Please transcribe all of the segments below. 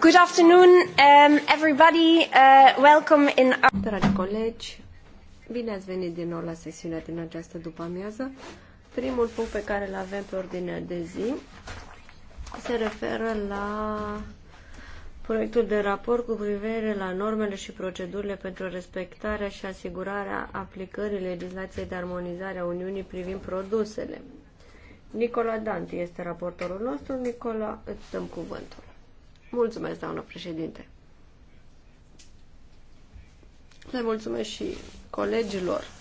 Good afternoon, um, everybody. Uh, welcome in our... Dragi colegi, bine ați venit din nou la sesiunea din această după-amiază. Primul punct pe care îl avem pe ordinea de zi se referă la proiectul de raport cu privire la normele și procedurile pentru respectarea și asigurarea aplicării legislației de armonizare a Uniunii privind produsele. Nicola Danti este raportorul nostru. Nicola, îți dăm cuvântul. Mulțumesc, doamnă președinte. Le mulțumesc și colegilor.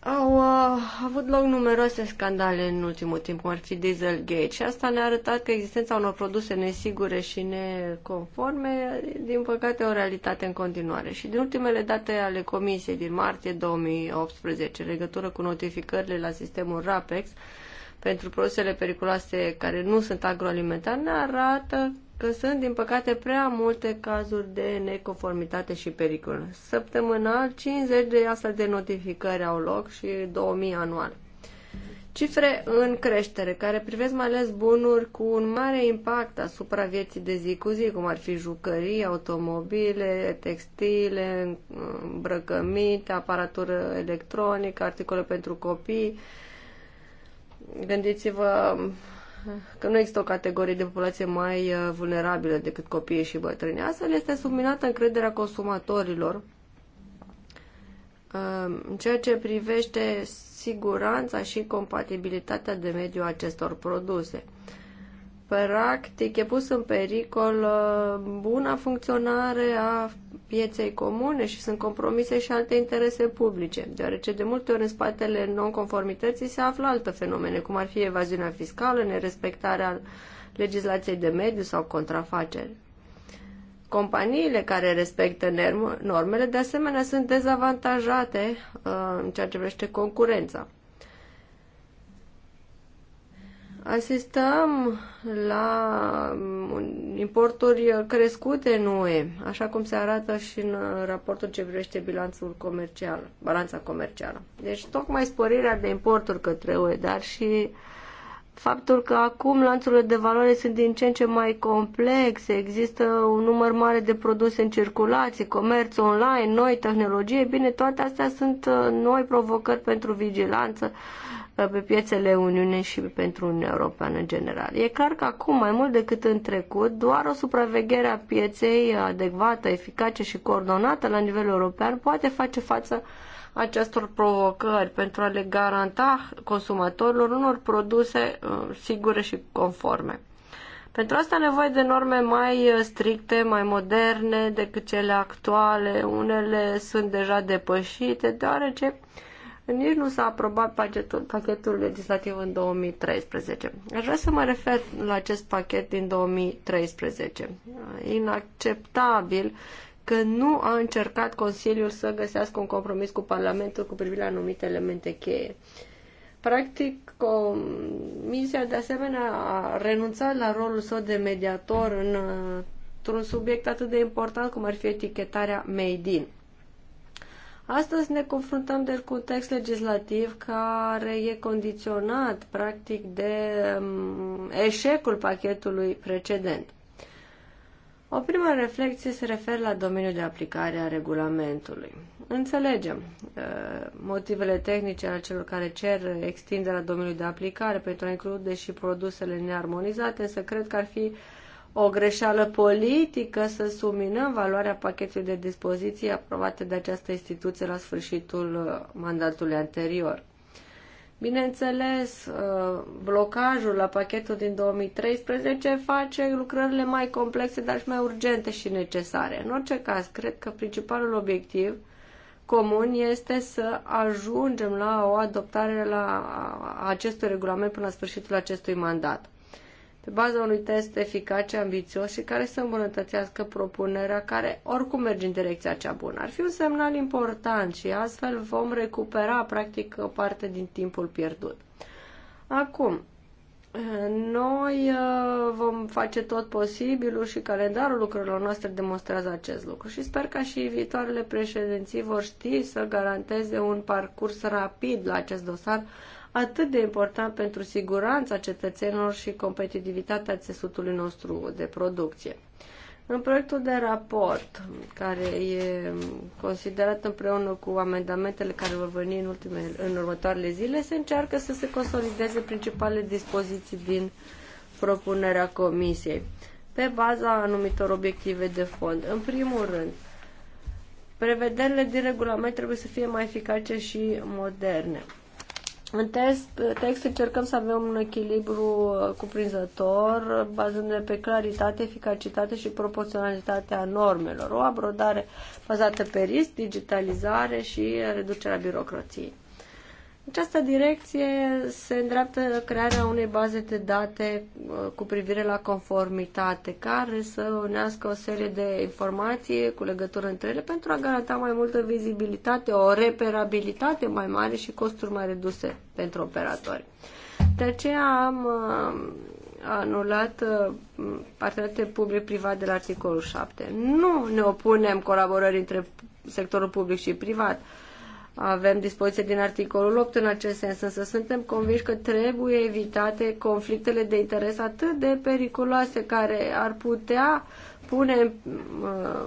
Au uh, avut loc numeroase scandale în ultimul timp, cum ar fi Dieselgate, și asta ne-a arătat că existența unor produse nesigure și neconforme, din păcate, o realitate în continuare. Și din ultimele date ale Comisiei din martie 2018, în legătură cu notificările la sistemul RAPEX, pentru produsele periculoase care nu sunt agroalimentare ne arată că sunt, din păcate, prea multe cazuri de neconformitate și pericol. Săptămânal, 50 de astfel de notificări au loc și 2000 anual. Cifre în creștere, care privesc mai ales bunuri cu un mare impact asupra vieții de zi cu zi, cum ar fi jucării, automobile, textile, îmbrăcăminte, aparatură electronică, articole pentru copii, Gândiți-vă că nu există o categorie de populație mai uh, vulnerabilă decât copiii și bătrânii. Astfel este subminată încrederea consumatorilor uh, în ceea ce privește siguranța și compatibilitatea de mediu acestor produse practic e pus în pericol uh, buna funcționare a pieței comune și sunt compromise și alte interese publice, deoarece de multe ori în spatele nonconformității se află alte fenomene, cum ar fi evaziunea fiscală, nerespectarea legislației de mediu sau contrafaceri. Companiile care respectă normele, de asemenea, sunt dezavantajate uh, în ceea ce privește concurența. Asistăm la um, importuri crescute în UE, așa cum se arată și în uh, raportul ce privește bilanțul comercial, balanța comercială. Deci tocmai sporirea de importuri către UE, dar și faptul că acum lanțurile de valoare sunt din ce în ce mai complexe, există un număr mare de produse în circulație, comerț online, noi tehnologie, bine, toate astea sunt uh, noi provocări pentru vigilanță, pe piețele Uniunii și pentru Uniunea Europeană în general. E clar că acum, mai mult decât în trecut, doar o supraveghere a pieței adecvată, eficace și coordonată la nivel european poate face față acestor provocări pentru a le garanta consumatorilor unor produse uh, sigure și conforme. Pentru asta nevoie de norme mai stricte, mai moderne decât cele actuale. Unele sunt deja depășite, deoarece uh, nici nu s-a aprobat pachetul, pachetul legislativ în 2013. Aș vrea să mă refer la acest pachet din 2013. Inacceptabil că nu a încercat Consiliul să găsească un compromis cu Parlamentul cu privire la anumite elemente cheie. Practic, Comisia de asemenea a renunțat la rolul său de mediator în, într-un subiect atât de important cum ar fi etichetarea made in. Astăzi ne confruntăm de cu un text legislativ care e condiționat practic de mm, eșecul pachetului precedent. O primă reflexie se referă la domeniul de aplicare a regulamentului. Înțelegem motivele tehnice ale celor care cer extinderea domeniului de aplicare pentru a include și produsele nearmonizate, însă cred că ar fi o greșeală politică să suminăm valoarea pachetului de dispoziții aprobate de această instituție la sfârșitul uh, mandatului anterior. Bineînțeles, uh, blocajul la pachetul din 2013 face lucrările mai complexe, dar și mai urgente și necesare. În orice caz, cred că principalul obiectiv comun este să ajungem la o adoptare la acestui regulament până la sfârșitul acestui mandat pe baza unui test eficace, ambițios și care să îmbunătățească propunerea care oricum merge în direcția cea bună. Ar fi un semnal important și astfel vom recupera practic o parte din timpul pierdut. Acum, noi uh, vom face tot posibilul și calendarul lucrurilor noastre demonstrează acest lucru și sper ca și viitoarele președinții vor ști să garanteze un parcurs rapid la acest dosar atât de important pentru siguranța cetățenilor și competitivitatea țesutului nostru de producție. În proiectul de raport, care e considerat împreună cu amendamentele care vor veni în, ultime, în următoarele zile, se încearcă să se consolideze principalele dispoziții din propunerea Comisiei, pe baza anumitor obiective de fond. În primul rând, prevederile din regulament trebuie să fie mai eficace și moderne. În test, text încercăm să avem un echilibru uh, cuprinzător, bazându-ne pe claritate, eficacitate și proporționalitatea normelor, o abordare bazată pe risc, digitalizare și reducerea birocrației. Această direcție se îndreaptă crearea unei baze de date uh, cu privire la conformitate, care să unească o serie de informații cu legătură între ele pentru a garanta mai multă vizibilitate, o reperabilitate mai mare și costuri mai reduse pentru operatori. De aceea am uh, anulat uh, parteneriatul public-privat de la articolul 7. Nu ne opunem colaborării între sectorul public și privat, avem dispoziție din articolul 8 în acest sens, însă suntem convinși că trebuie evitate conflictele de interes atât de periculoase care ar putea pune uh,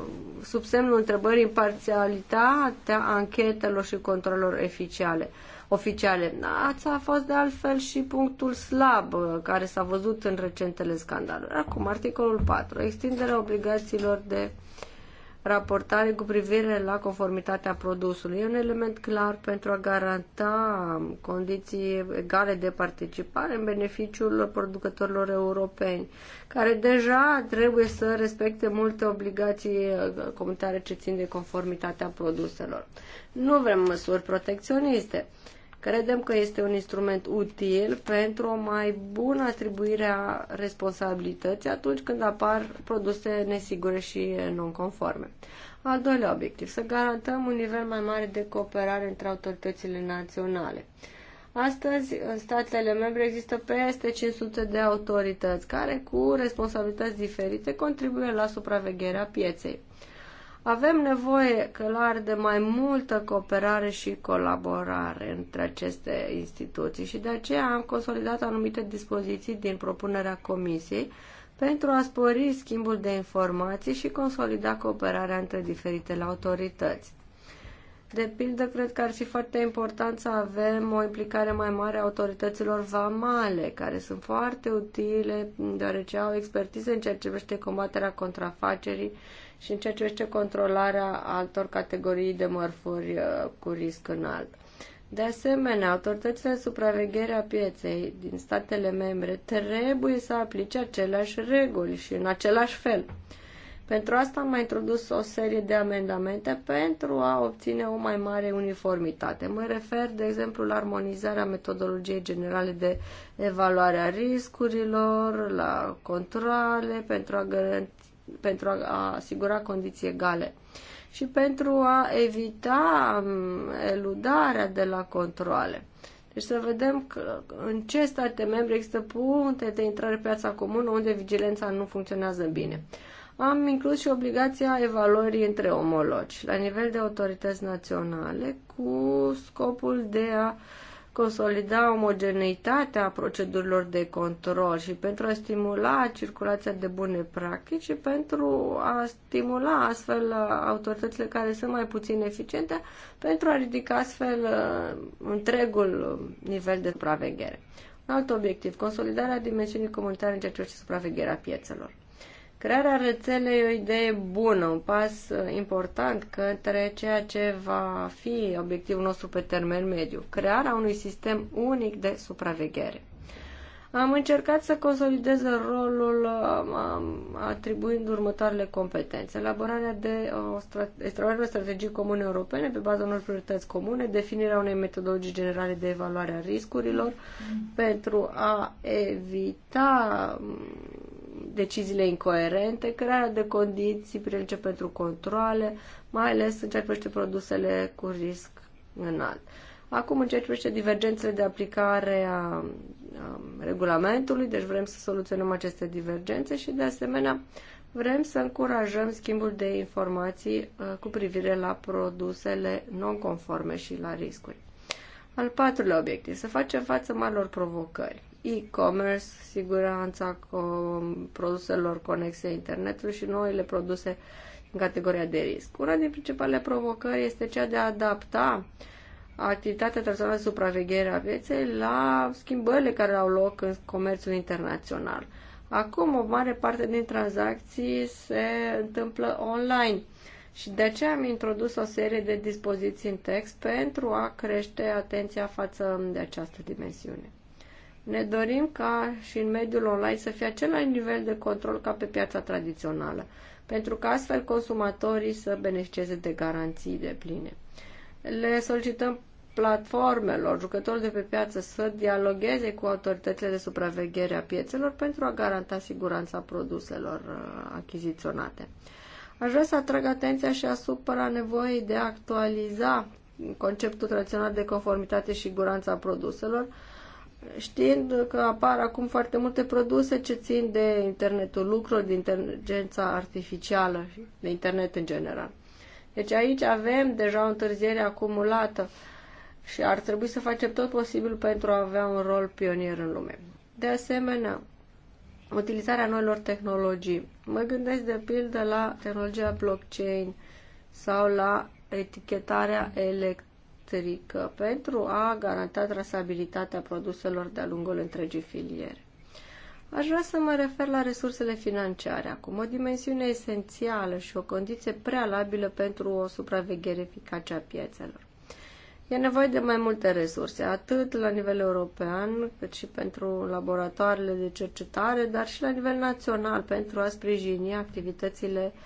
sub semnul întrebării imparțialitatea anchetelor și controlelor oficiale. oficiale. Ața a fost de altfel și punctul slab uh, care s-a văzut în recentele scandaluri. Acum, articolul 4. Extinderea obligațiilor de uh, raportare cu privire la conformitatea produsului. E un element clar pentru a garanta condiții egale de participare în beneficiul producătorilor europeni, care deja trebuie să respecte multe obligații comunitare ce țin de conformitatea produselor. Nu vrem măsuri protecționiste. Credem că este un instrument util pentru o mai bună atribuire a responsabilității atunci când apar produse nesigure și nonconforme. Al doilea obiectiv, să garantăm un nivel mai mare de cooperare între autoritățile naționale. Astăzi, în statele membre există peste 500 de autorități care, cu responsabilități diferite, contribuie la supravegherea pieței. Avem nevoie, clar, de mai multă cooperare și colaborare între aceste instituții și de aceea am consolidat anumite dispoziții din propunerea Comisiei pentru a spori schimbul de informații și consolida cooperarea între diferitele autorități. De pildă, cred că ar fi foarte important să avem o implicare mai mare a autorităților vamale, care sunt foarte utile, deoarece au expertiză în ceea ce privește combaterea contrafacerii și în ceea ce este controlarea altor categorii de mărfuri uh, cu risc înalt. De asemenea, autoritățile în supraveghere a pieței din statele membre trebuie să aplice aceleași reguli și în același fel. Pentru asta am mai introdus o serie de amendamente pentru a obține o mai mare uniformitate. Mă refer, de exemplu, la armonizarea metodologiei generale de evaluare a riscurilor, la controle pentru a pentru a asigura condiții egale și pentru a evita um, eludarea de la controle. Deci să vedem că în ce state membre există puncte de intrare pe piața comună unde vigilența nu funcționează bine. Am inclus și obligația evaluării între omologi la nivel de autorități naționale cu scopul de a uh, consolida omogeneitatea procedurilor de control și pentru a stimula circulația de bune practici și pentru a stimula astfel autoritățile care sunt mai puțin eficiente pentru a ridica astfel uh, întregul uh, nivel de supraveghere. Un alt obiectiv, consolidarea dimensiunii comunitare în ceea ce privește supravegherea piețelor. Crearea rețelei e o idee bună, un pas uh, important către ceea ce va fi obiectivul nostru pe termen mediu, crearea unui sistem unic de supraveghere. Am încercat să consolidez rolul uh, atribuind următoarele competențe. Elaborarea de uh, o strategii comune europene pe baza unor priorități comune, definirea unei metodologii generale de evaluare a riscurilor pentru a evita um, deciziile incoerente, crearea de condiții prelice pentru controle, mai ales în ceea ce privește produsele cu risc înalt. Acum, în ceea ce privește divergențele de aplicare a, a regulamentului, deci vrem să soluționăm aceste divergențe și, de asemenea, vrem să încurajăm schimbul de informații a, cu privire la produsele non-conforme și la riscuri. Al patrulea obiectiv, să facem față marilor provocări e-commerce, siguranța produselor conexe internetului și noile produse în categoria de risc. Una din principalele provocări este cea de a adapta activitatea personală de supraveghere a vieței la schimbările care au loc în comerțul internațional. Acum o mare parte din tranzacții se întâmplă online și de aceea am introdus o serie de dispoziții în text pentru a crește atenția față de această dimensiune. Ne dorim ca și în mediul online să fie același nivel de control ca pe piața tradițională, pentru că astfel consumatorii să beneficieze de garanții de pline. Le solicităm platformelor, jucători de pe piață să dialogueze cu autoritățile de supraveghere a piețelor pentru a garanta siguranța produselor uh, achiziționate. Aș vrea să atrag atenția și asupra nevoii de a actualiza conceptul tradițional de conformitate și siguranța produselor, știind că apar acum foarte multe produse ce țin de internetul lucrurilor, de inteligența artificială și de internet în general. Deci aici avem deja o întârziere acumulată și ar trebui să facem tot posibil pentru a avea un rol pionier în lume. De asemenea, utilizarea noilor tehnologii. Mă gândesc de pildă la tehnologia blockchain sau la etichetarea electronică electrică pentru a garanta trasabilitatea produselor de-a lungul întregii filiere. Aș vrea să mă refer la resursele financiare acum, o dimensiune esențială și o condiție prealabilă pentru o supraveghere eficace a piețelor. E nevoie de mai multe resurse, atât la nivel european, cât și pentru laboratoarele de cercetare, dar și la nivel național, pentru a sprijini activitățile uh,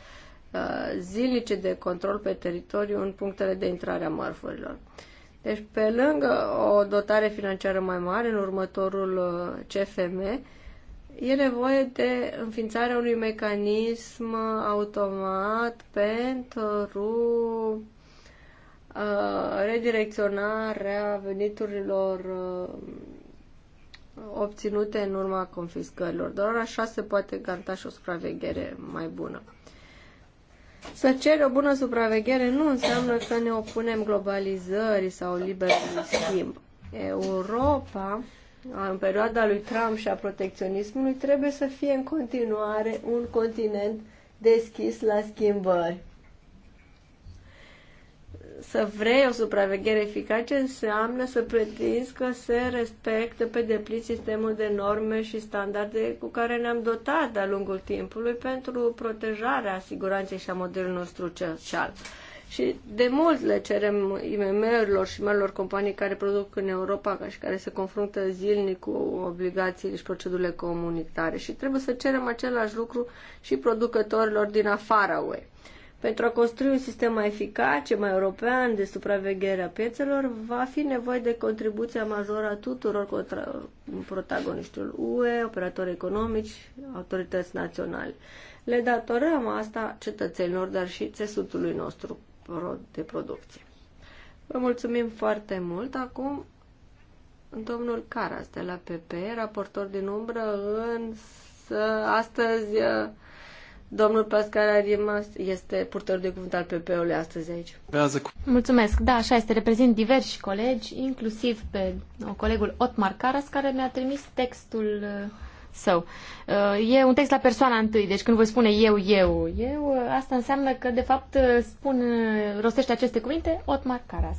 zilnice de control pe teritoriu în punctele de intrare a mărfurilor. Deci, pe lângă o dotare financiară mai mare în următorul uh, CFM, e nevoie de înființarea unui mecanism automat pentru uh, redirecționarea veniturilor uh, obținute în urma confiscărilor. Doar așa se poate garanta și o supraveghere mai bună. Să ceri o bună supraveghere nu înseamnă că ne opunem globalizării sau liberului schimb. Europa, în perioada lui Trump și a protecționismului, trebuie să fie în continuare un continent deschis la schimbări să vrei o supraveghere eficace înseamnă să pretinzi că se respectă pe deplin sistemul de norme și standarde cu care ne-am dotat de-a lungul timpului pentru protejarea siguranței și a modelului nostru social. Și de mult le cerem IMM-urilor și marilor companii care produc în Europa ca și care se confruntă zilnic cu obligațiile și procedurile comunitare. Și trebuie să cerem același lucru și producătorilor din afara UE. Pentru a construi un sistem mai eficace, mai european de supraveghere a piețelor, va fi nevoie de contribuția majoră a tuturor protagoniștilor UE, operatori economici, autorități naționale. Le datorăm asta cetățenilor, dar și țesutului nostru de producție. Vă mulțumim foarte mult. Acum, domnul Caras de la PP, raportor din umbră, însă astăzi Domnul Pascal Arimas este purtător de cuvânt al PP-ului astăzi aici. Mulțumesc. Da, așa este. Reprezint diversi colegi, inclusiv pe colegul Otmar Caras, care mi-a trimis textul uh, său. Uh, e un text la persoana întâi, deci când voi spune eu, eu, eu, uh, asta înseamnă că, de fapt, spun, rostește aceste cuvinte Otmar Caras.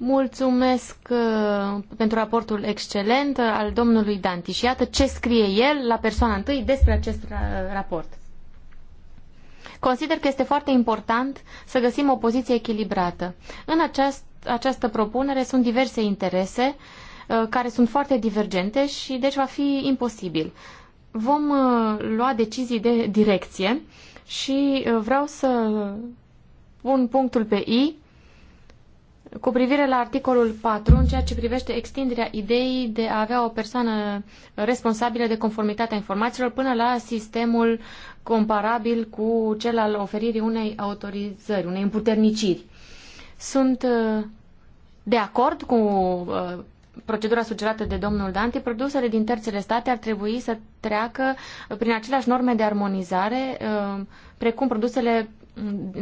Mulțumesc uh, pentru raportul excelent al domnului Danti și iată ce scrie el la persoana întâi despre acest ra raport. Consider că este foarte important să găsim o poziție echilibrată. În aceast, această propunere sunt diverse interese uh, care sunt foarte divergente și deci va fi imposibil. Vom uh, lua decizii de direcție și uh, vreau să pun punctul pe I cu privire la articolul 4, în ceea ce privește extinderea ideii de a avea o persoană responsabilă de conformitatea informațiilor până la sistemul comparabil cu cel al oferirii unei autorizări, unei împuterniciri. Sunt uh, de acord cu uh, procedura sugerată de domnul Dante, produsele din terțele state ar trebui să treacă prin aceleași norme de armonizare uh, precum produsele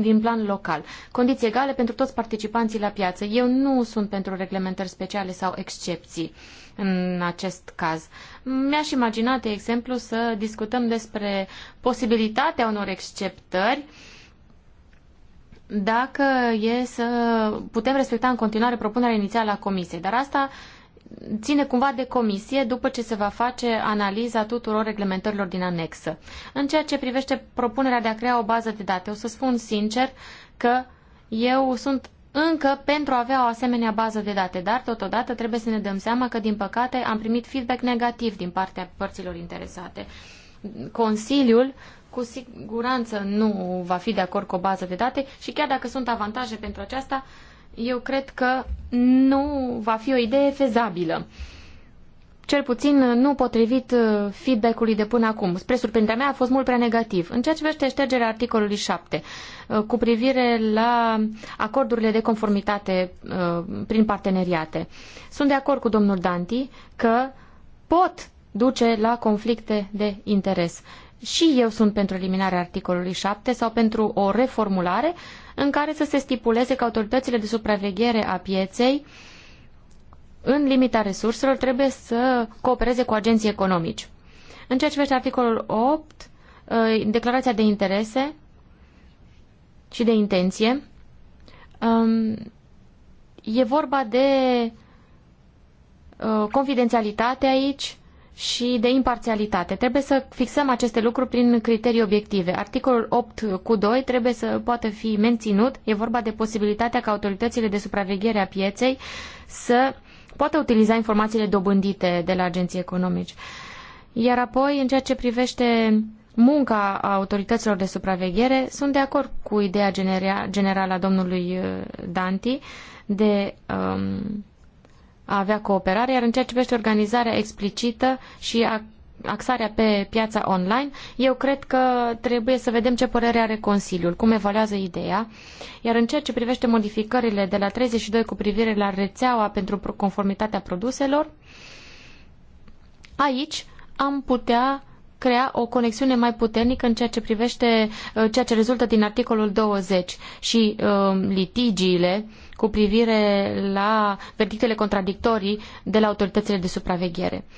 din plan local. Condiții egale pentru toți participanții la piață. Eu nu sunt pentru reglementări speciale sau excepții. Uh, în acest caz. Mi-aș imagina, de exemplu, să discutăm despre posibilitatea unor exceptări dacă e să putem respecta în continuare propunerea inițială a Comisiei. Dar asta ține cumva de comisie după ce se va face analiza tuturor reglementărilor din anexă. În ceea ce privește propunerea de a crea o bază de date, o să spun sincer că eu sunt încă pentru a avea o asemenea bază de date, dar totodată trebuie să ne dăm seama că, din păcate, am primit feedback negativ din partea părților interesate. Consiliul cu siguranță nu va fi de acord cu o bază de date și chiar dacă sunt avantaje pentru aceasta, eu cred că nu va fi o idee fezabilă cel puțin uh, nu potrivit uh, feedback-ului de până acum. Spre surprinderea mea a fost mult prea negativ. În ceea ce privește ștergerea articolului 7 uh, cu privire la acordurile de conformitate prin parteneriate, sunt de acord cu domnul Danti că pot duce la conflicte de interes. Și eu sunt pentru eliminarea articolului 7 sau pentru o reformulare în care să se stipuleze că autoritățile de supraveghere a pieței uh, în limita resurselor, trebuie să coopereze cu agenții economici. În ceea ce privește articolul 8, uh, declarația de interese și de intenție, um, e vorba de uh, confidențialitate aici și de imparțialitate. Trebuie să fixăm aceste lucruri prin criterii obiective. Articolul 8 cu 2 trebuie să poată fi menținut. E vorba de posibilitatea ca autoritățile de supraveghere a pieței să poate utiliza informațiile dobândite de la agenții economici. Iar apoi, în ceea ce privește munca a autorităților de supraveghere, sunt de acord cu ideea generală a domnului uh, Danti de um, a avea cooperare, iar în ceea ce privește organizarea explicită și a axarea pe piața online, eu cred că trebuie să vedem ce părere are Consiliul, cum evaluează ideea, iar în ceea ce privește modificările de la 32 cu privire la rețeaua pentru conformitatea produselor, aici am putea crea o conexiune mai puternică în ceea ce privește uh, ceea ce rezultă din articolul 20 și uh, litigiile cu privire la verdictele contradictorii de la autoritățile de supraveghere. Uh,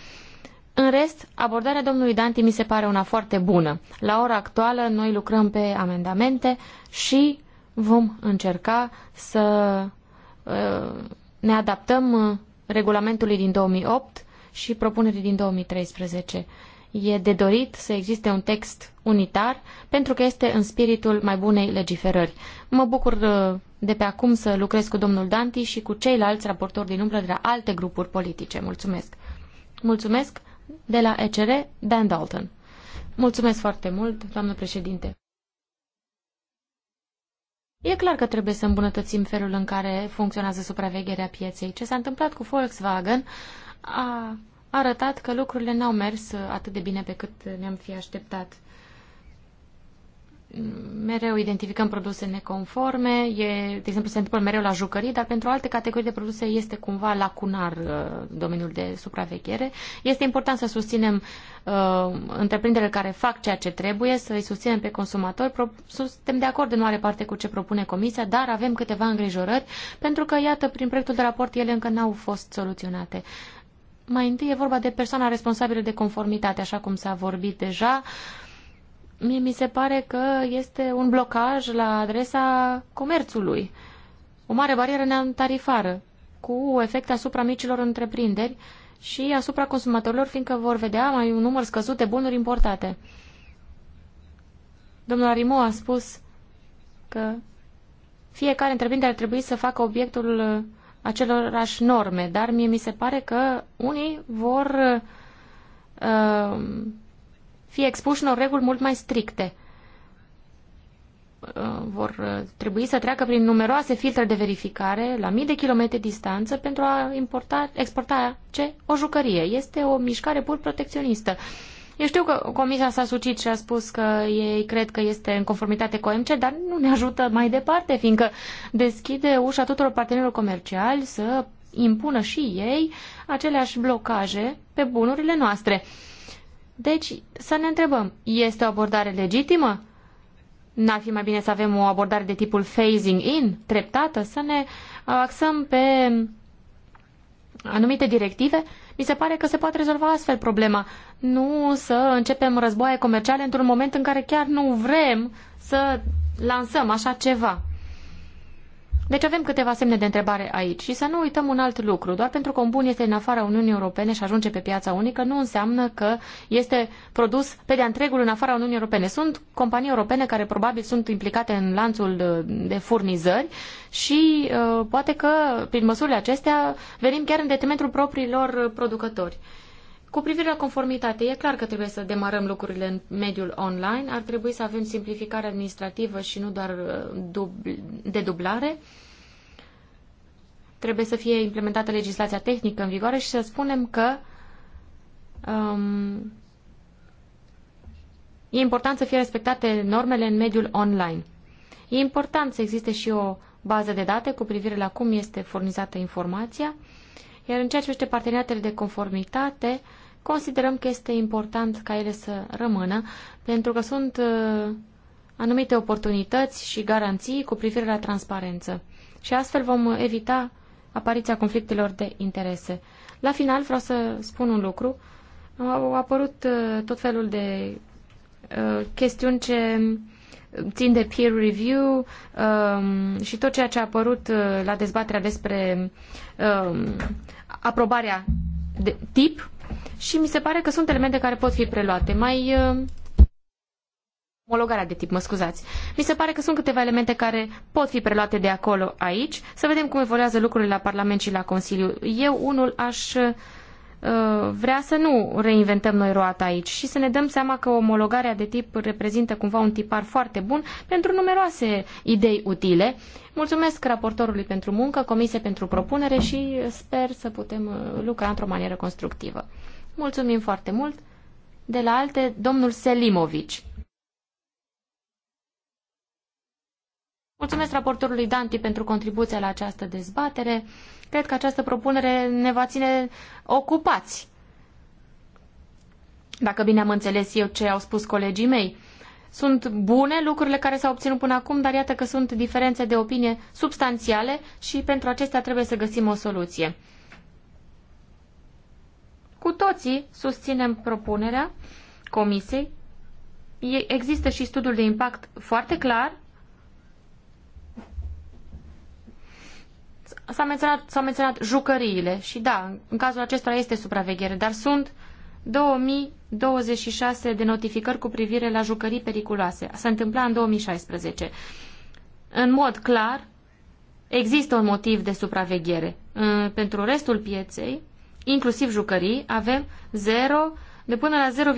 în rest, abordarea domnului Danti mi se pare una foarte bună. La ora actuală, noi lucrăm pe amendamente și vom încerca să uh, ne adaptăm uh, regulamentului din 2008 și propunerii din 2013. E de dorit să existe un text unitar pentru că este în spiritul mai bunei legiferări. Mă bucur uh, de pe acum să lucrez cu domnul Danti și cu ceilalți raportori din umbră de la alte grupuri politice. Mulțumesc! Mulțumesc! de la ECR, Dan Dalton. Mulțumesc foarte mult, doamnă președinte. E clar că trebuie să îmbunătățim felul în care funcționează supravegherea pieței. Ce s-a întâmplat cu Volkswagen a arătat că lucrurile n-au mers atât de bine pe cât ne-am fi așteptat mereu identificăm produse neconforme, e, de exemplu, se întâmplă mereu la jucării, dar pentru alte categorii de produse este cumva lacunar uh, domeniul de supraveghere. Este important să susținem uh, întreprinderile care fac ceea ce trebuie, să îi susținem pe consumatori. Pro- suntem de acord în mare parte cu ce propune Comisia, dar avem câteva îngrijorări, pentru că, iată, prin proiectul de raport ele încă n-au fost soluționate. Mai întâi e vorba de persoana responsabilă de conformitate, așa cum s-a vorbit deja. Uh, Mie mi se pare că este un blocaj la adresa comerțului, o mare barieră neantarifară, cu efecte asupra micilor întreprinderi și asupra consumatorilor, fiindcă vor vedea mai un număr scăzut de bunuri importate. Domnul Arimo a spus că fiecare întreprindere ar trebui să facă obiectul acelorași norme, dar mie mi se pare că unii vor uh, fie expuși unor reguli mult mai stricte. Uh, vor uh, trebui să treacă prin numeroase filtre de verificare la mii de kilometri distanță pentru a importa, exporta ce? O jucărie. Este o mișcare pur protecționistă. Eu știu că comisia s-a sucit și a spus că ei cred că este în conformitate cu OMC, dar nu ne ajută mai departe, fiindcă deschide ușa tuturor partenerilor comerciali să impună și ei aceleași blocaje pe bunurile noastre. Deci, să ne întrebăm, este o abordare legitimă? N-ar fi mai bine să avem o abordare de tipul phasing in, treptată, să ne axăm pe anumite directive? Mi se pare că se poate rezolva astfel problema. Nu să începem războaie comerciale într-un moment în care chiar nu vrem să lansăm așa ceva. Deci avem câteva semne de întrebare aici și să nu uităm un alt lucru. Doar pentru că un bun este în afara Uniunii Europene și ajunge pe piața unică, nu înseamnă că este produs pe de-a întregul în afara Uniunii Europene. Sunt companii europene care probabil sunt implicate în lanțul uh, de furnizări și uh, poate că prin măsurile acestea venim chiar în detrimentul propriilor producători. Cu privire la conformitate, e clar că trebuie să demarăm lucrurile în mediul online, ar trebui să avem simplificare administrativă și nu doar uh, de dublare. Trebuie să fie implementată legislația tehnică în vigoare și să spunem că um, e important să fie respectate normele în mediul online. E important să existe și o bază de date cu privire la cum este furnizată informația, iar în ceea ce privește parteneriatele de conformitate, considerăm că este important ca ele să rămână, pentru că sunt uh, anumite oportunități și garanții cu privire la transparență. Și astfel vom evita apariția conflictelor de interese. La final vreau să spun un lucru. Au apărut uh, tot felul de uh, chestiuni ce țin de peer review um, și tot ceea ce a apărut uh, la dezbaterea despre um, aprobarea de tip și mi se pare că sunt elemente care pot fi preluate. Mai uh, omologarea de tip, mă scuzați. Mi se pare că sunt câteva elemente care pot fi preluate de acolo aici. Să vedem cum evoluează lucrurile la Parlament și la Consiliu. Eu unul aș Uh, vrea să nu reinventăm noi roata aici și să ne dăm seama că omologarea de tip reprezintă cumva un tipar foarte bun pentru numeroase idei utile. Mulțumesc raportorului pentru muncă, comisie pentru propunere și sper să putem uh, lucra într-o manieră constructivă. Mulțumim foarte mult. De la alte, domnul Selimovici. Mulțumesc raportorului Danti pentru contribuția la această dezbatere. Cred că această propunere ne va ține ocupați. Dacă bine am înțeles eu ce au spus colegii mei. Sunt bune lucrurile care s-au obținut până acum, dar iată că sunt diferențe de opinie substanțiale și pentru acestea trebuie să găsim o soluție. Cu toții susținem propunerea Comisiei. Există și studiul de impact foarte clar S-au menționat, s-a menționat jucăriile și da, în cazul acestora este supraveghere, dar sunt 2026 de notificări cu privire la jucării periculoase. S-a întâmplat în 2016. În mod clar, există un motiv de supraveghere. Pentru restul pieței, inclusiv jucării, avem 0 de până la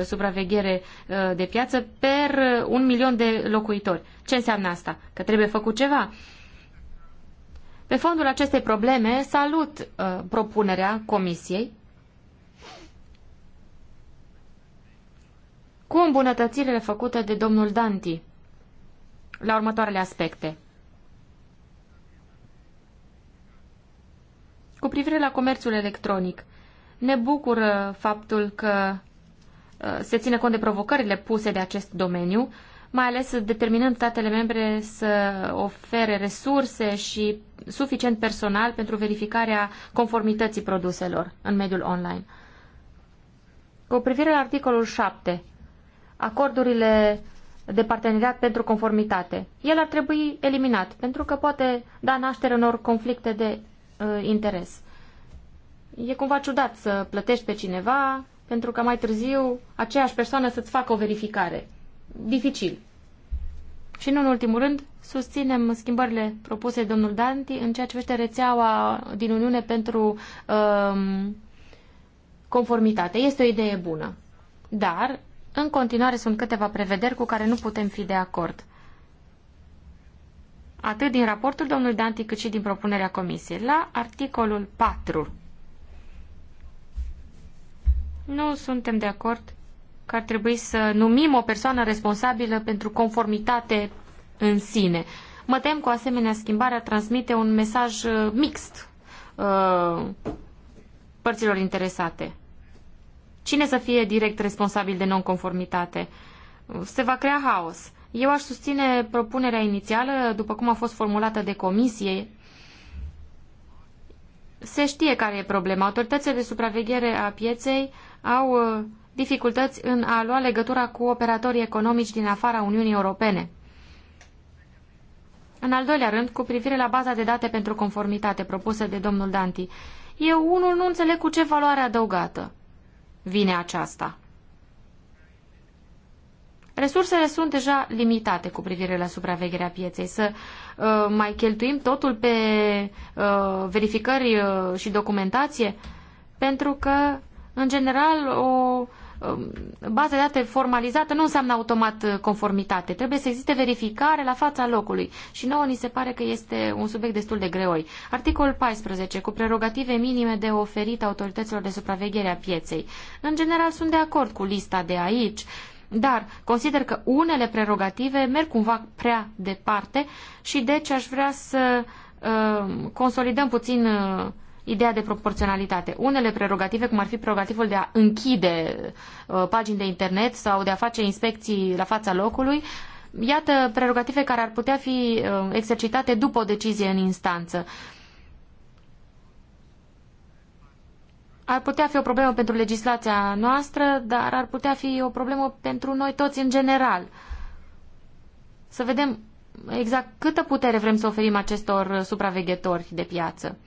0,5 supraveghere uh, de piață per un milion de locuitori. Ce înseamnă asta? Că trebuie făcut ceva. Pe fondul acestei probleme, salut uh, propunerea Comisiei cu îmbunătățirile făcute de domnul Danti la următoarele aspecte. Cu privire la comerțul electronic, ne bucură faptul că uh, se ține cont de provocările puse de acest domeniu, mai ales determinând statele membre să ofere resurse și suficient personal pentru verificarea conformității produselor în mediul online. Cu privire la articolul 7, acordurile de parteneriat pentru conformitate. El ar trebui eliminat, pentru că poate da naștere unor conflicte de uh, interes. E cumva ciudat să plătești pe cineva pentru că mai târziu aceeași persoană să-ți facă o verificare dificil. Și nu în ultimul rând, susținem schimbările propuse de domnul Danti în ceea ce vește rețeaua din Uniune pentru um, conformitate. Este o idee bună. Dar, în continuare, sunt câteva prevederi cu care nu putem fi de acord. Atât din raportul domnului Danti, cât și din propunerea comisiei. La articolul 4. Nu suntem de acord că ar trebui să numim o persoană responsabilă pentru conformitate în sine. Mă tem că o asemenea schimbare ar transmite un mesaj uh, mixt uh, părților interesate. Cine să fie direct responsabil de nonconformitate? Se va crea haos. Eu aș susține propunerea inițială, după cum a fost formulată de comisie. Se știe care e problema. Autoritățile de supraveghere a pieței au uh, dificultăți în a lua legătura cu operatorii economici din afara Uniunii Europene. În al doilea rând, cu privire la baza de date pentru conformitate propusă de domnul Danti, eu unul nu înțeleg cu ce valoare adăugată vine aceasta. Resursele sunt deja limitate cu privire la supravegherea pieței. Să uh, mai cheltuim totul pe uh, verificări uh, și documentație? Pentru că, în general, o baza de date formalizată nu înseamnă automat uh, conformitate. Trebuie să existe verificare la fața locului. Și nouă ni se pare că este un subiect destul de greoi. Articolul 14. Cu prerogative minime de oferit autorităților de supraveghere a pieței. În general sunt de acord cu lista de aici dar consider că unele prerogative merg cumva prea departe și deci aș vrea să uh, consolidăm puțin uh, ideea de proporționalitate. Unele prerogative, cum ar fi prerogativul de a închide uh, pagini de internet sau de a face inspecții la fața locului, iată prerogative care ar putea fi uh, exercitate după o decizie în instanță. Ar putea fi o problemă pentru legislația noastră, dar ar putea fi o problemă pentru noi toți în general. Să vedem exact câtă putere vrem să oferim acestor supraveghetori de piață.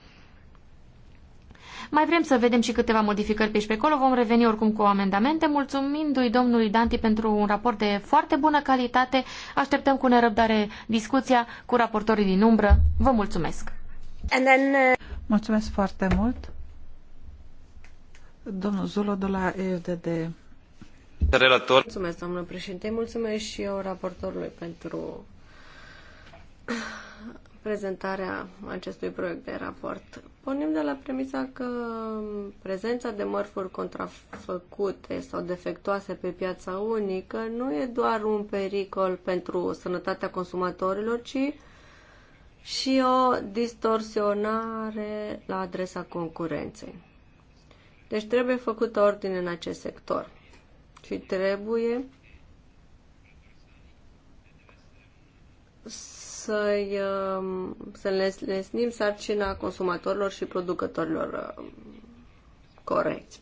Mai vrem să vedem și câteva modificări pe aici pe acolo. Vom reveni oricum cu amendamente, mulțumindu-i domnului Danti pentru un raport de foarte bună calitate. Așteptăm cu nerăbdare discuția cu raportorii din umbră. Vă mulțumesc! And then, uh... Mulțumesc foarte mult! Domnul Zulo de la EFDD. Relator. Mulțumesc, domnule președinte. Mulțumesc și eu raportorului pentru prezentarea acestui proiect de raport. Pornim de la premisa că prezența de mărfuri contrafăcute sau defectuoase pe piața unică nu e doar un pericol pentru sănătatea consumatorilor, ci și o distorsionare la adresa concurenței. Deci trebuie făcută ordine în acest sector și trebuie să-i, um, să le lesnim sarcina consumatorilor și producătorilor um, corecți.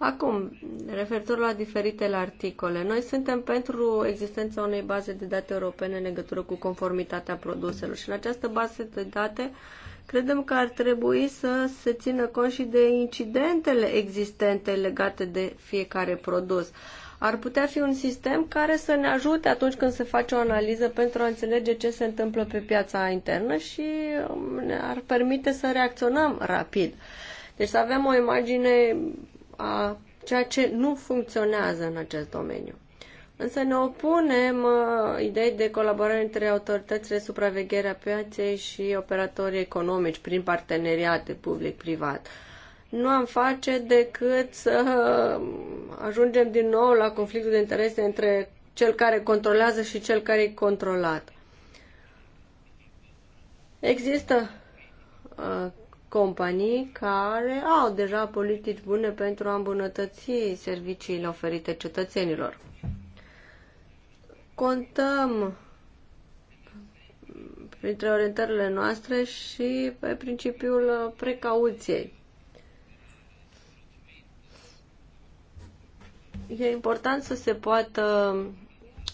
Acum, referitor la diferitele articole, noi suntem pentru existența unei baze de date europene în legătură cu conformitatea produselor și în această bază de date credem că ar trebui să se țină cont și de incidentele existente legate de fiecare produs ar putea fi un sistem care să ne ajute atunci când se face o analiză pentru a înțelege ce se întâmplă pe piața internă și um, ne-ar permite să reacționăm rapid. Deci să avem o imagine a ceea ce nu funcționează în acest domeniu. Însă ne opunem uh, idei de colaborare între autoritățile supravegherea piaței și operatorii economici prin parteneriate public-privat. Uh, nu am face decât să uh, ajungem din nou la conflictul de interese între cel care controlează și cel care e controlat. Există uh, companii care au deja politici bune pentru a îmbunătăți serviciile oferite cetățenilor. Contăm printre orientările noastre și pe principiul uh, precauției. E important să se poată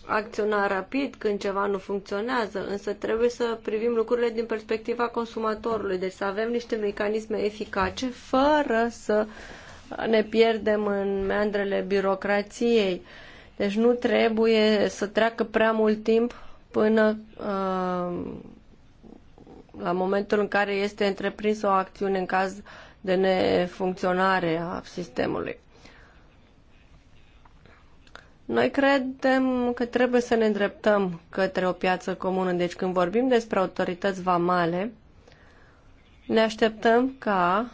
acționa rapid când ceva nu funcționează, însă trebuie să privim lucrurile din perspectiva consumatorului, deci să avem niște mecanisme eficace fără să ne pierdem în meandrele birocrației. Deci nu trebuie să treacă prea mult timp până uh, la momentul în care este întreprins o acțiune în caz de nefuncționare a sistemului. Noi credem că trebuie să ne îndreptăm către o piață comună. Deci când vorbim despre autorități vamale, ne așteptăm ca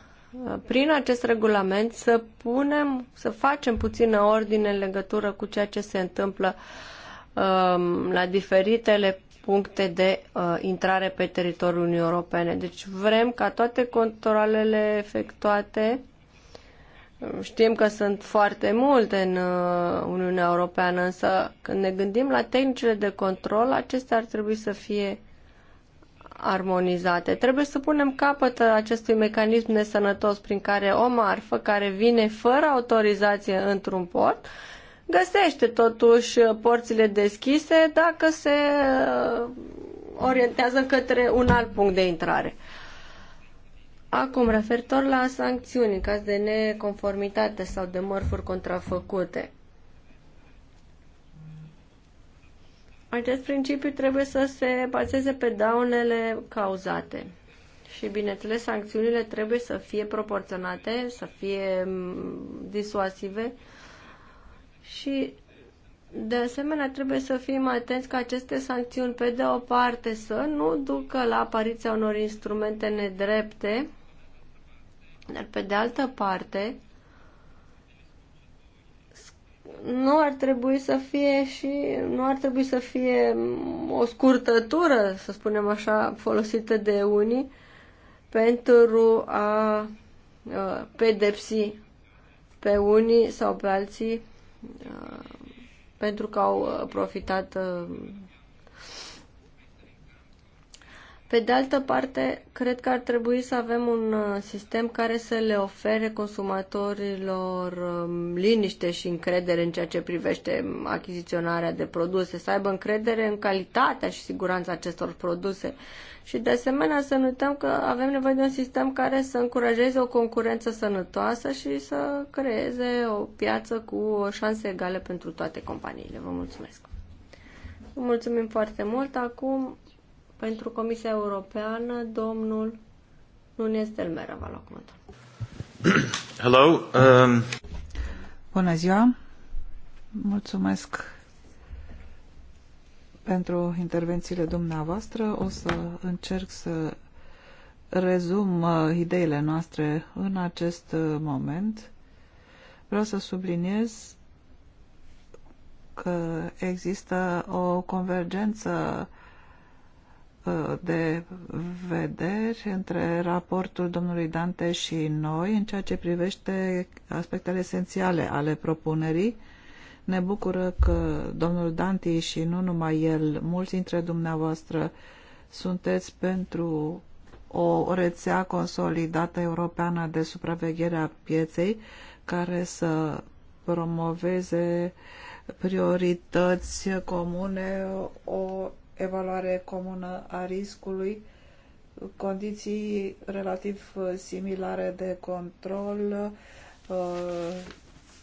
uh, prin acest regulament să punem, să facem puțină ordine în legătură cu ceea ce se întâmplă um, la diferitele puncte de uh, intrare pe teritoriul Uniunii Europene. Deci vrem ca toate controlele efectuate Știm că sunt foarte multe în uh, Uniunea Europeană, însă când ne gândim la tehnicile de control, acestea ar trebui să fie armonizate. Trebuie să punem capăt acestui mecanism nesănătos prin care o marfă care vine fără autorizație într-un port găsește totuși porțile deschise dacă se uh, orientează către un alt punct de intrare. Acum, referitor la sancțiuni în caz de neconformitate sau de mărfuri contrafăcute. Acest principiu trebuie să se bazeze pe daunele cauzate. Și, bineînțeles, sancțiunile trebuie să fie proporționate, să fie mm, disuasive și, de asemenea, trebuie să fim atenți că aceste sancțiuni, pe de o parte, să nu ducă la apariția unor instrumente nedrepte dar pe de altă parte, nu ar trebui să fie și nu ar trebui să fie o scurtătură, să spunem așa, folosită de unii pentru a pedepsi pe unii sau pe alții pentru că au profitat pe de altă parte, cred că ar trebui să avem un uh, sistem care să le ofere consumatorilor um, liniște și încredere în ceea ce privește um, achiziționarea de produse, să aibă încredere în calitatea și siguranța acestor produse. Și de asemenea să nu uităm că avem nevoie de un sistem care să încurajeze o concurență sănătoasă și să creeze o piață cu șanse egale pentru toate companiile. Vă mulțumesc! Vă mulțumim foarte mult! Acum pentru Comisia Europeană, domnul Nunes del va lua cuvântul. Hello. Um... Bună ziua. Mulțumesc pentru intervențiile dumneavoastră. O să încerc să rezum uh, ideile noastre în acest uh, moment. Vreau să subliniez că există o convergență Uh, de vederi între raportul domnului Dante și noi în ceea ce privește aspectele esențiale ale propunerii. Ne bucură că domnul Dante și nu numai el, mulți dintre dumneavoastră sunteți pentru o rețea consolidată europeană de supraveghere a pieței care să promoveze priorități comune, o evaluare comună a riscului, condiții relativ uh, similare de control, uh,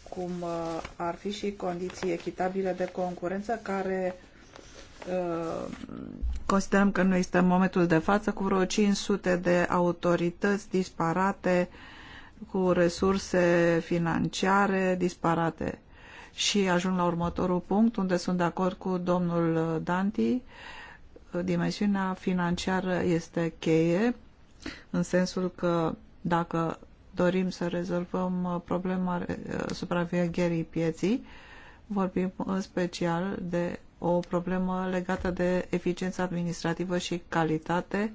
cum uh, ar fi și condiții echitabile de concurență, care considerăm că nu este în momentul de față, cu vreo 500 de autorități disparate, cu resurse financiare disparate și ajung la următorul punct, unde sunt de acord cu domnul Danti. Dimensiunea financiară este cheie, în sensul că dacă dorim să rezolvăm problema eh, supravegherii pieții, vorbim în special de o problemă legată de eficiență administrativă și calitate,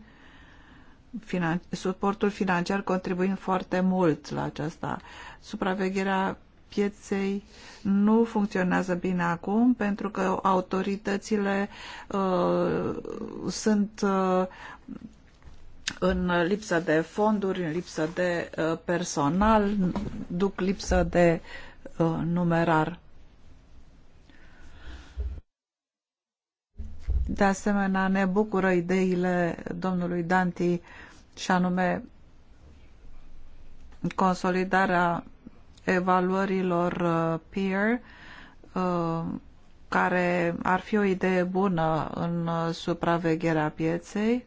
finan suportul financiar contribuind foarte mult la aceasta. Supravegherea pieței nu funcționează bine acum pentru că autoritățile uh, sunt uh, în lipsă de fonduri, în lipsă de uh, personal, duc lipsă de uh, numerar. De asemenea, ne bucură ideile domnului Danti și anume consolidarea evaluărilor uh, peer, uh, care ar fi o idee bună în uh, supravegherea pieței,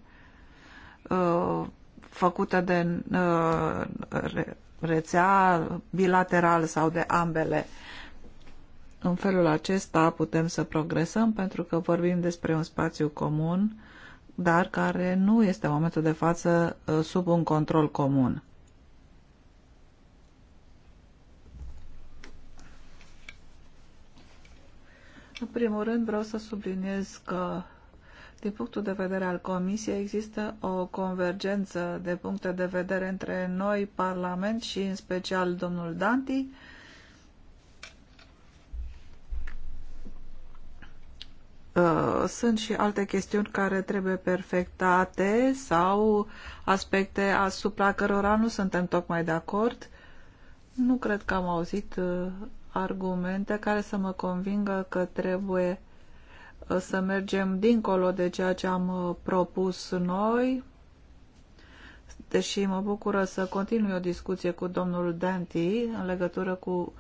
făcută de rețea bilateral sau de ambele. În felul acesta putem să progresăm pentru că vorbim despre un spațiu comun, dar care nu este în momentul de față sub un control comun. În primul rând vreau să subliniez că din punctul de vedere al Comisiei există o convergență de puncte de vedere între noi, Parlament și în special domnul Danti. Uh, sunt și alte chestiuni care trebuie perfectate sau aspecte asupra cărora nu suntem tocmai de acord. Nu cred că am auzit uh, argumente care să mă convingă că trebuie uh, să mergem dincolo de ceea ce am uh, propus noi, deși mă bucură să continui o discuție cu domnul Danti în legătură cu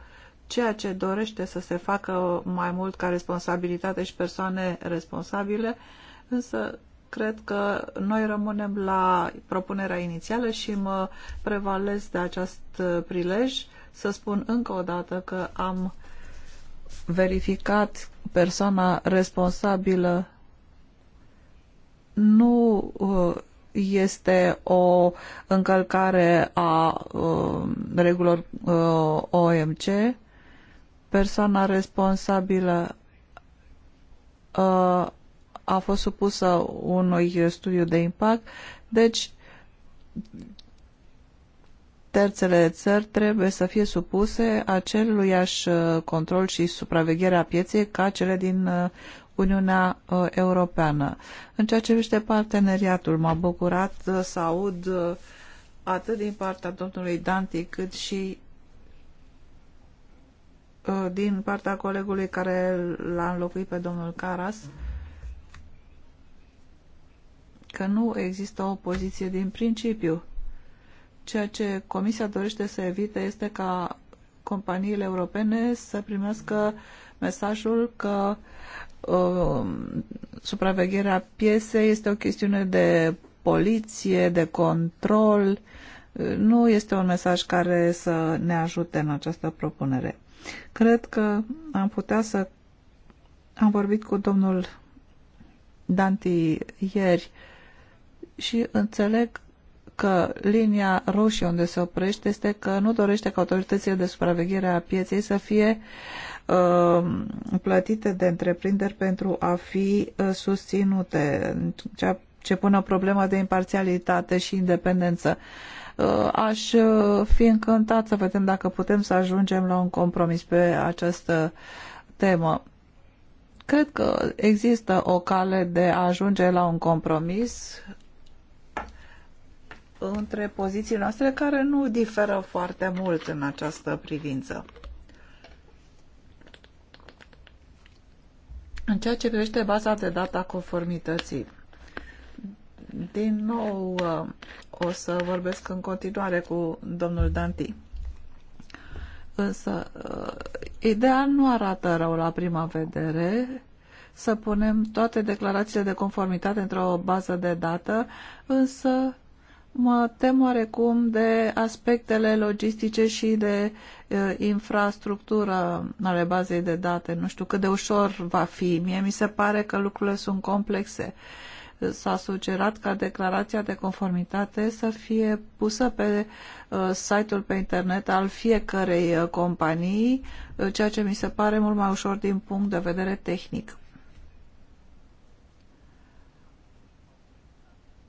ceea ce dorește să se facă mai mult ca responsabilitate și persoane responsabile, însă cred că noi rămânem la propunerea inițială și mă prevalez de acest uh, prilej să spun încă o dată că am verificat persoana responsabilă nu uh, este o încălcare a uh, regulilor uh, OMC. Persoana responsabilă a fost supusă unui studiu de impact, deci terțele țări trebuie să fie supuse aceluiași uh, control și supraveghere a pieței ca cele din uh, Uniunea uh, Europeană. În ceea ce privește parteneriatul, m-a bucurat să aud atât din partea domnului Danti cât și din partea colegului care l-a înlocuit pe domnul Caras că nu există o poziție din principiu Ceea ce Comisia dorește să evite este ca companiile europene să primească mesajul că uh, supravegherea piesei este o chestiune de poliție, de control. Nu este un mesaj care să ne ajute în această propunere. Cred că am putea să... Am vorbit cu domnul Danti ieri și înțeleg că linia roșie unde se oprește este că nu dorește ca autoritățile de supraveghere a pieței să fie uh, plătite de întreprinderi pentru a fi uh, susținute, ceea ce pune o problemă de imparțialitate și independență. Uh, aș uh, fi încântat să vedem dacă putem să ajungem la un compromis pe această temă cred că există o cale de a ajunge la un compromis între pozițiile noastre care nu diferă foarte mult în această privință. În ceea ce privește baza de data conformității, din nou uh, o să vorbesc în continuare cu domnul Danti. Însă, uh, ideea nu arată rău la prima vedere să punem toate declarațiile de conformitate într-o bază de dată, însă mă tem oarecum de aspectele logistice și de uh, infrastructură ale bazei de date. Nu știu cât de ușor va fi. Mie mi se pare că lucrurile sunt complexe. S-a sugerat ca declarația de conformitate să fie pusă pe uh, site-ul pe internet al fiecărei uh, companii, uh, ceea ce mi se pare mult mai ușor din punct de vedere tehnic.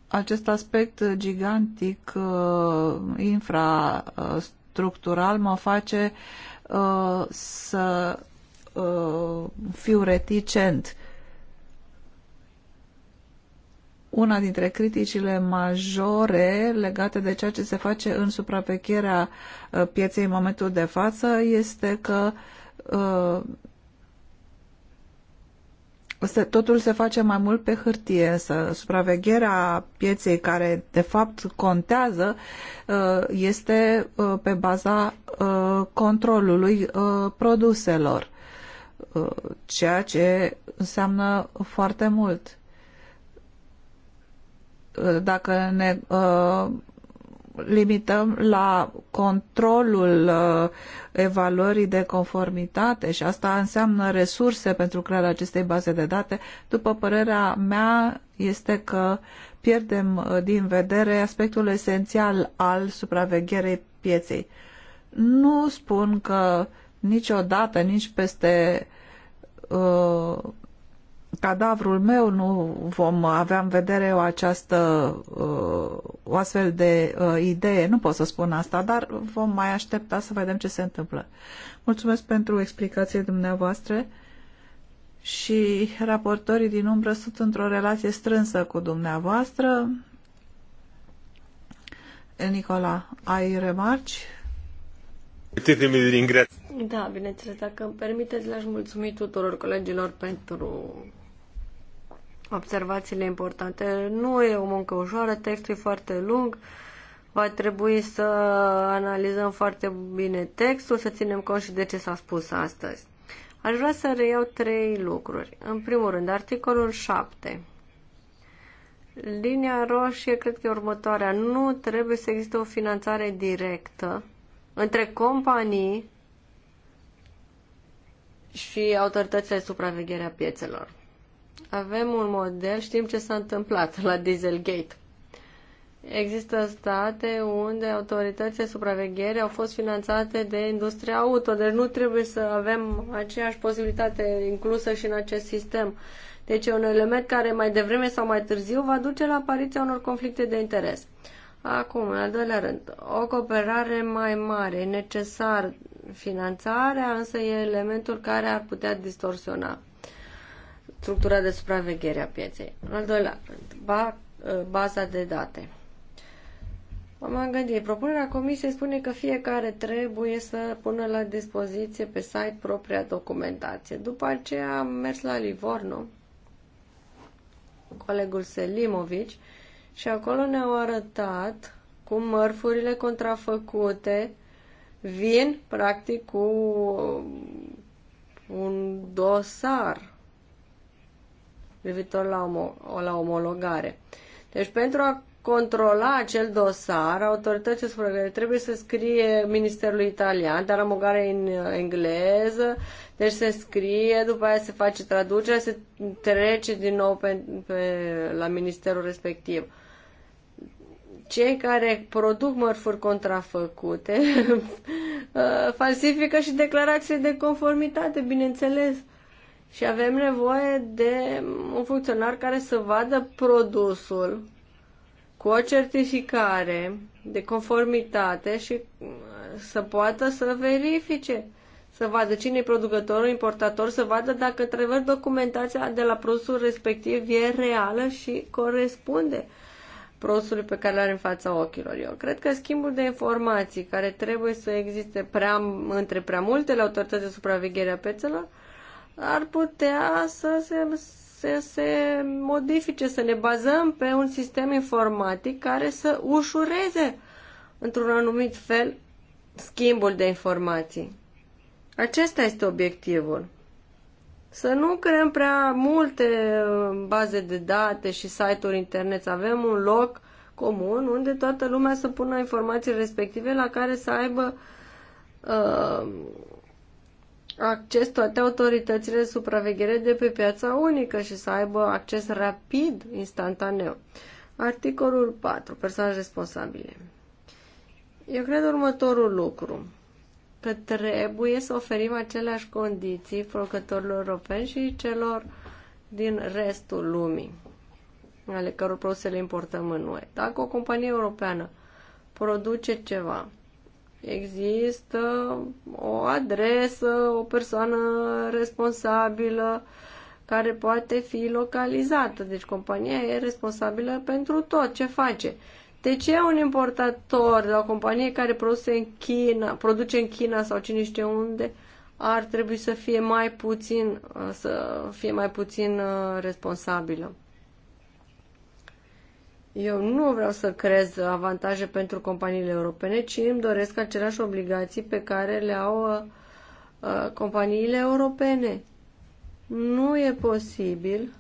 acest aspect gigantic uh, infrastructural mă face uh, să uh, fiu reticent. Una dintre criticile majore legate de ceea ce se face în supravegherea pieței în momentul de față este că totul se face mai mult pe hârtie, însă supravegherea pieței care de fapt contează uh, este uh, pe baza uh, controlului produselor, ceea ce înseamnă foarte mult. Dacă ne limităm la controlul uh, evaluării de conformitate și asta înseamnă resurse pentru crearea acestei baze de date, după părerea mea este că pierdem uh, din vedere aspectul esențial al supravegherei pieței. Nu spun că niciodată, nici peste uh, cadavrul meu nu vom avea în vedere o această uh, o astfel de uh, idee. Nu pot să spun asta, dar vom mai aștepta să vedem ce se întâmplă. Mulțumesc pentru explicațiile dumneavoastră și raportorii din umbră sunt într-o relație strânsă cu dumneavoastră. Nicola, ai remarci? Da, bineînțeles, dacă îmi permiteți, le-aș mulțumi tuturor colegilor pentru observațiile importante. Nu e o muncă ușoară, textul e foarte lung, va trebui să analizăm foarte bine textul, să ținem cont și de ce s-a spus astăzi. Aș vrea să reiau trei lucruri. În primul rând, articolul 7. Linia roșie, cred că e următoarea. Nu trebuie să existe o finanțare directă între companii și autoritățile de supraveghere a piețelor. Avem un model, știm ce s-a întâmplat la Dieselgate. Există state unde autoritățile supraveghere au fost finanțate de industria auto, deci nu trebuie să avem aceeași posibilitate inclusă și în acest sistem. Deci e un element care mai devreme sau mai târziu va duce la apariția unor conflicte de interes. Acum, în al doilea rând, o cooperare mai mare necesar finanțarea, însă e elementul care ar putea distorsiona structura de supraveghere a pieței. În al doilea rând, ba, ă, baza de date. M-am gândit, propunerea comisiei spune că fiecare trebuie să pună la dispoziție pe site propria documentație. După aceea am mers la Livorno, colegul Selimovic, și acolo ne-au arătat cum mărfurile contrafăcute vin practic cu un dosar privitor la, omo, la omologare. Deci pentru a controla acel dosar, autoritățile supraveghere trebuie să scrie Ministerul Italian, dar omologarea în engleză, deci se scrie, după aia se face traducerea, se trece din nou pe, pe, la ministerul respectiv. Cei care produc mărfuri contrafăcute uh, falsifică și declarații de conformitate, bineînțeles. Uh, și avem nevoie de un funcționar care să vadă produsul cu o certificare de conformitate și uh, să poată să verifice, să vadă cine e producătorul, importator, să vadă dacă trebuie documentația de la produsul respectiv e reală și corespunde produsului pe care îl are în fața ochilor. Eu cred că schimbul de informații care trebuie să existe prea, între prea multele autorități de supraveghere a pețelor ar putea să se, se, se modifice, să ne bazăm pe un sistem informatic care să ușureze într-un anumit fel schimbul de informații. Acesta este obiectivul. Să nu creăm prea multe uh, baze de date și site-uri internet, să avem un loc comun unde toată lumea să pună informații respective la care să aibă uh, acces toate autoritățile de supraveghere de pe piața unică și să aibă acces rapid, instantaneu. Articolul 4. Persoane responsabile. Eu cred următorul lucru că trebuie să oferim aceleași condiții producătorilor europeni și celor din restul lumii, ale căror produse le importăm în noi. Dacă o companie europeană produce ceva Există o adresă, o persoană responsabilă care poate fi localizată. Deci compania e responsabilă pentru tot ce face. De ce un importator de o companie care produce în China, produce în China sau cine știe unde, ar trebui să fie mai puțin, să fie mai puțin uh, responsabilă? Eu nu vreau să creez avantaje pentru companiile europene, ci îmi doresc aceleași obligații pe care le au uh, companiile europene. Nu e posibil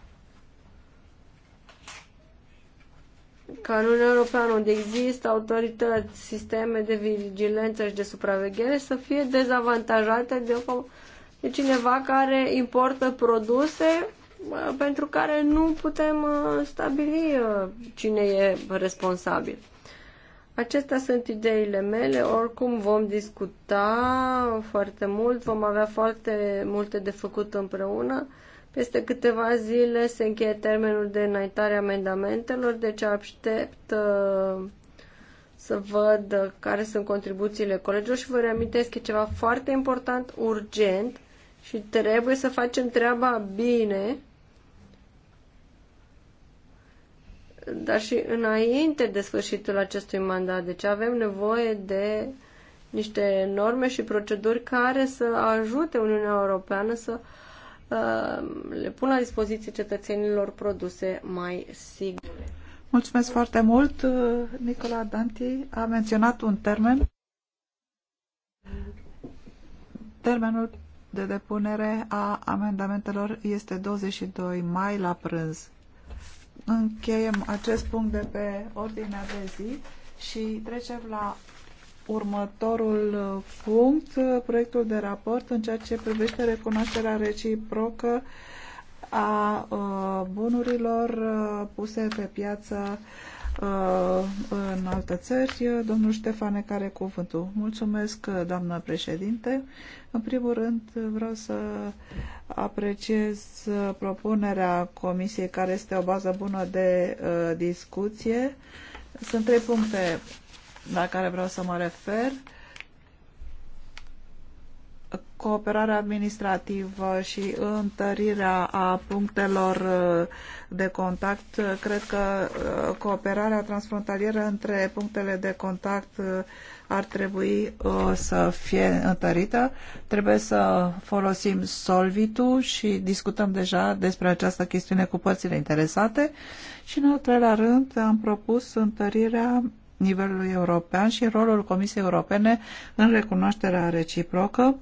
ca în Uniunea Europeană, unde există autorități, sisteme de vigilență și de supraveghere, să fie dezavantajate de, o, de cineva care importă produse pentru care nu putem uh, stabili uh, cine e responsabil. Acestea sunt ideile mele, oricum vom discuta foarte mult, vom avea foarte multe de făcut împreună. Peste câteva zile se încheie termenul de înaintare amendamentelor, deci aștept uh, să văd care sunt contribuțiile colegilor și vă reamintesc că e ceva foarte important, urgent și trebuie să facem treaba bine dar și înainte de sfârșitul acestui mandat. Deci avem nevoie de niște norme și proceduri care să ajute Uniunea Europeană să uh, le pună la dispoziție cetățenilor produse mai sigure. Mulțumesc foarte mult. Uh, Nicola Danti a menționat un termen. Termenul de depunere a amendamentelor este 22 mai la prânz încheiem acest punct de pe ordinea de zi și trecem la următorul uh, punct, uh, proiectul de raport în ceea ce privește recunoașterea reciprocă a uh, bunurilor puse pe piață Uh, în alte țări. Domnul Ștefane, care cuvântul? Mulțumesc, uh, doamnă președinte. În primul rând, uh, vreau să apreciez propunerea comisiei, care este o bază bună de discuție. Sunt trei puncte la care vreau să mă refer cooperarea administrativă și întărirea a punctelor de contact. Cred că uh, cooperarea transfrontalieră între punctele de contact uh, ar trebui uh, să fie întărită. Trebuie să folosim solvitul și discutăm deja despre această chestiune cu părțile interesate. Și în al treilea rând am propus întărirea nivelului european și rolul Comisiei Europene în recunoașterea reciprocă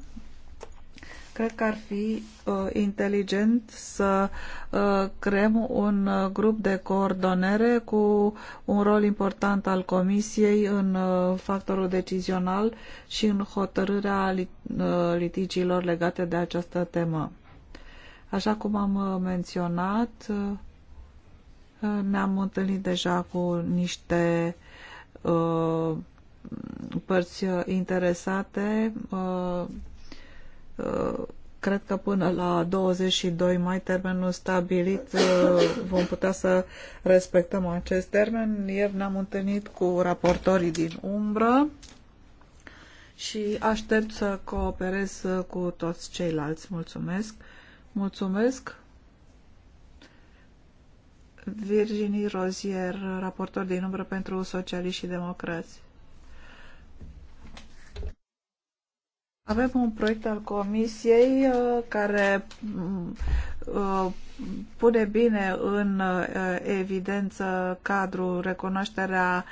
Cred că ar fi uh, inteligent să uh, creăm un uh, grup de coordonare cu un rol important al Comisiei în uh, factorul decizional și în hotărârea lit uh, litigiilor legate de această temă. Așa cum am uh, menționat, uh, ne-am întâlnit deja cu niște uh, părți interesate. Uh, Uh, cred că până la 22 mai, termenul stabilit, uh, vom putea să respectăm acest termen. Ieri ne-am întâlnit cu raportorii din umbră și aștept să cooperez uh, cu toți ceilalți. Mulțumesc! Mulțumesc! Virginie Rozier, raportor din umbră pentru socialiști și democrați. Avem un proiect al Comisiei uh, care mm, uh, pune bine în uh, evidență cadrul recunoașterea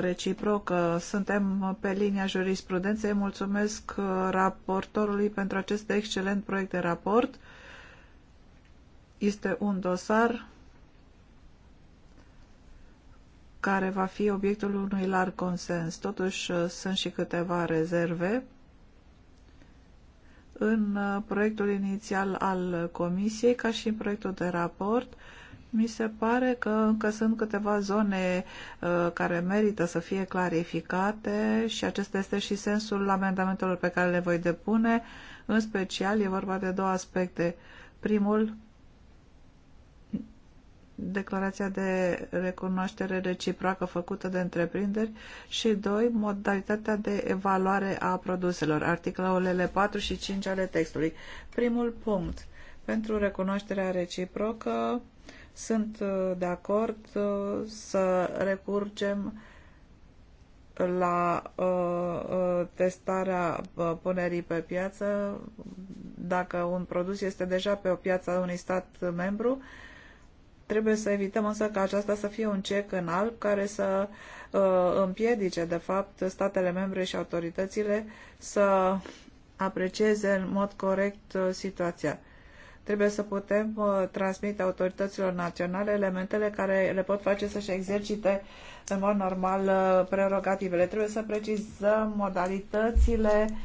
reciprocă. Suntem pe linia jurisprudenței. Mulțumesc raportorului pentru acest excelent proiect de raport. Este un dosar care va fi obiectul unui larg consens. Totuși sunt și câteva rezerve în uh, proiectul inițial al Comisiei, ca și în proiectul de raport. Mi se pare că încă sunt câteva zone uh, care merită să fie clarificate și acesta este și sensul amendamentelor pe care le voi depune. În special, e vorba de două aspecte. Primul, declarația de recunoaștere reciprocă făcută de întreprinderi și, doi, modalitatea de evaluare a produselor, articolele 4 și 5 ale textului. Primul punct, pentru recunoașterea reciprocă, sunt uh, de acord uh, să recurgem la uh, uh testarea punerii pe piață dacă un produs este deja pe o piață a unui stat membru uh, Trebuie să evităm însă ca aceasta să fie un cec în alb care să uh, împiedice, de fapt, statele membre și autoritățile să aprecieze în mod corect uh, situația. Trebuie să putem uh, transmite autorităților naționale elementele care le pot face să-și exercite în mod normal uh, prerogativele. Trebuie să precizăm modalitățile uh,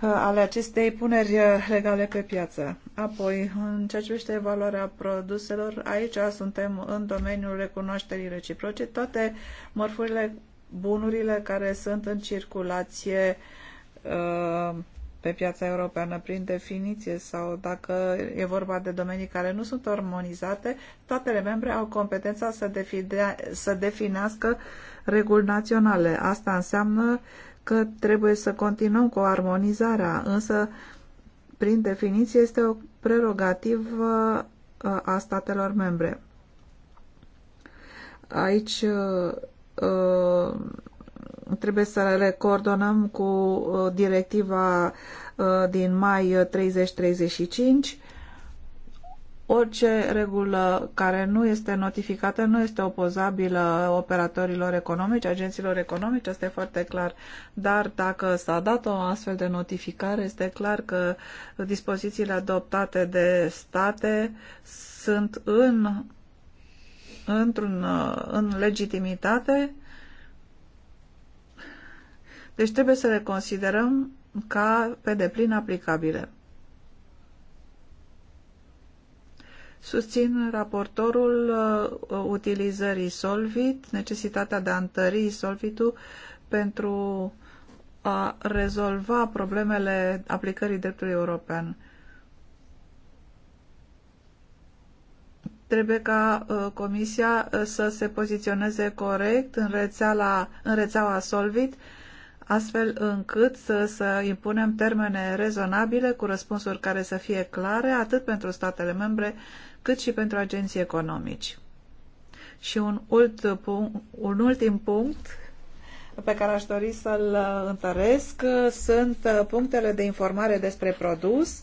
Uh, ale acestei puneri uh, legale pe piață. Apoi, în ceea ce privește evaluarea produselor, aici suntem în domeniul recunoașterii reciproce. Toate mărfurile, bunurile care sunt în circulație uh, pe piața europeană prin definiție sau dacă e vorba de domenii care nu sunt armonizate, statele membre au competența să, define, să definească reguli naționale. Asta înseamnă uh, că trebuie să continuăm cu armonizarea, însă, prin definiție, este o prerogativă uh, a statelor membre. Aici uh, uh, trebuie să le coordonăm cu directiva din mai 30-35 Orice regulă care nu este notificată nu este opozabilă operatorilor economici, agenților economici, asta e foarte clar. Dar dacă s-a dat o astfel de notificare, este clar că dispozițiile adoptate de state sunt în, într-un, în legitimitate. Deci trebuie să le considerăm ca pe deplin aplicabile. Susțin raportorul uh, utilizării Solvit, necesitatea de a întări Solvitul pentru a rezolva problemele aplicării dreptului european. Trebuie ca uh, Comisia uh, să se poziționeze corect în rețeala, în rețeaua Solvit, astfel încât să, să impunem termene rezonabile cu răspunsuri care să fie clare atât pentru statele membre, cât și pentru agenții economici. Și un, ult punct, un ultim punct pe care aș dori să-l uh, întăresc uh, sunt uh, punctele de informare despre produs.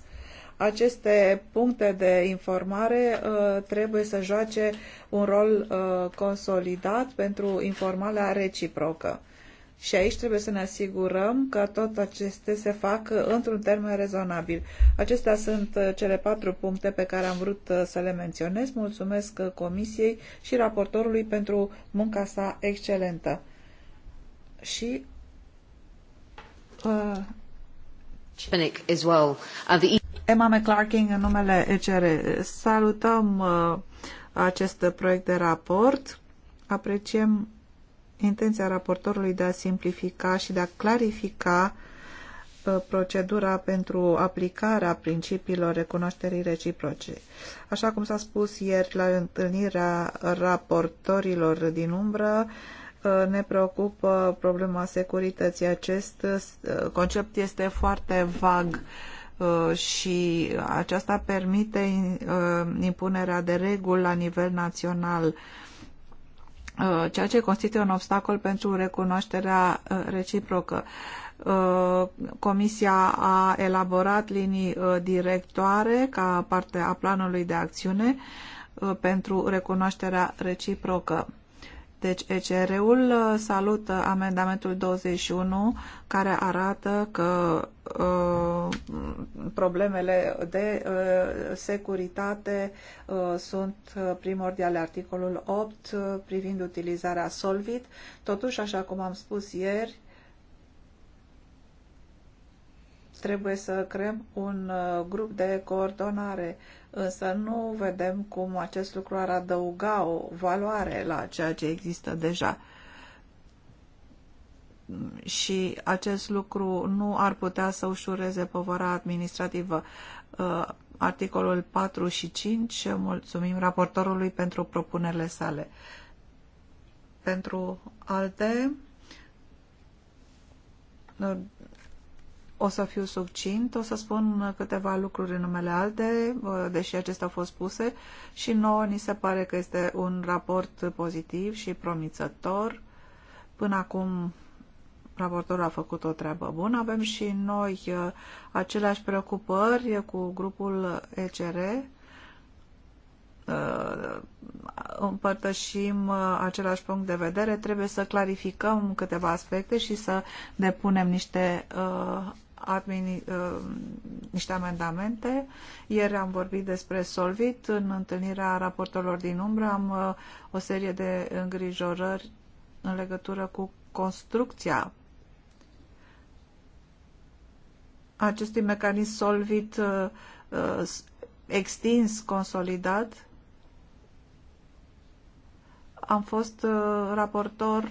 Aceste puncte de informare uh, trebuie să joace un rol uh, consolidat pentru informarea reciprocă și aici trebuie să ne asigurăm că tot aceste se fac într-un termen rezonabil. Acestea sunt uh, cele patru puncte pe care am vrut uh, să le menționez. Mulțumesc uh, Comisiei și raportorului pentru munca sa excelentă. Și uh, Emma McClarking în numele ECR. Salutăm uh, acest proiect de raport. Apreciem intenția raportorului de a simplifica și de a clarifica uh, procedura pentru aplicarea principiilor recunoașterii reciproce. Așa cum s-a spus ieri la întâlnirea raportorilor din umbră, uh, ne preocupă problema securității. Acest uh, concept este foarte vag și aceasta permite impunerea de reguli la nivel național Uh, ceea ce constituie un obstacol pentru recunoașterea uh, reciprocă. Uh, comisia a elaborat linii directoare ca parte a planului de acțiune pentru recunoașterea reciprocă. Deci ECR-ul uh, salută amendamentul 21 care arată că uh, problemele de uh, securitate uh, sunt uh, primordiale. Articolul 8 uh, privind utilizarea Solvit. Totuși, așa cum am spus ieri, Trebuie să creăm un uh, grup de coordonare, însă nu vedem cum acest lucru ar adăuga o valoare la ceea ce există deja și acest lucru nu ar putea să ușureze povara administrativă. Uh, articolul 4 și 5, mulțumim raportorului pentru propunerile sale. Pentru alte, o să fiu subcint, o să spun câteva lucruri în numele alte, deși acestea au fost puse, și nouă ni se pare că este un raport pozitiv și promițător. Până acum raportorul a făcut o treabă bună. Avem și noi uh, aceleași preocupări cu grupul ECR. Uh, împărtășim uh, același punct de vedere. Trebuie să clarificăm câteva aspecte și să depunem niște admini, uh, niște amendamente. Ieri am vorbit despre Solvit. În întâlnirea raportorilor din umbră am uh, o serie de îngrijorări în legătură cu construcția acestui mecanism Solvit uh, uh extins, consolidat. Am fost uh, raportor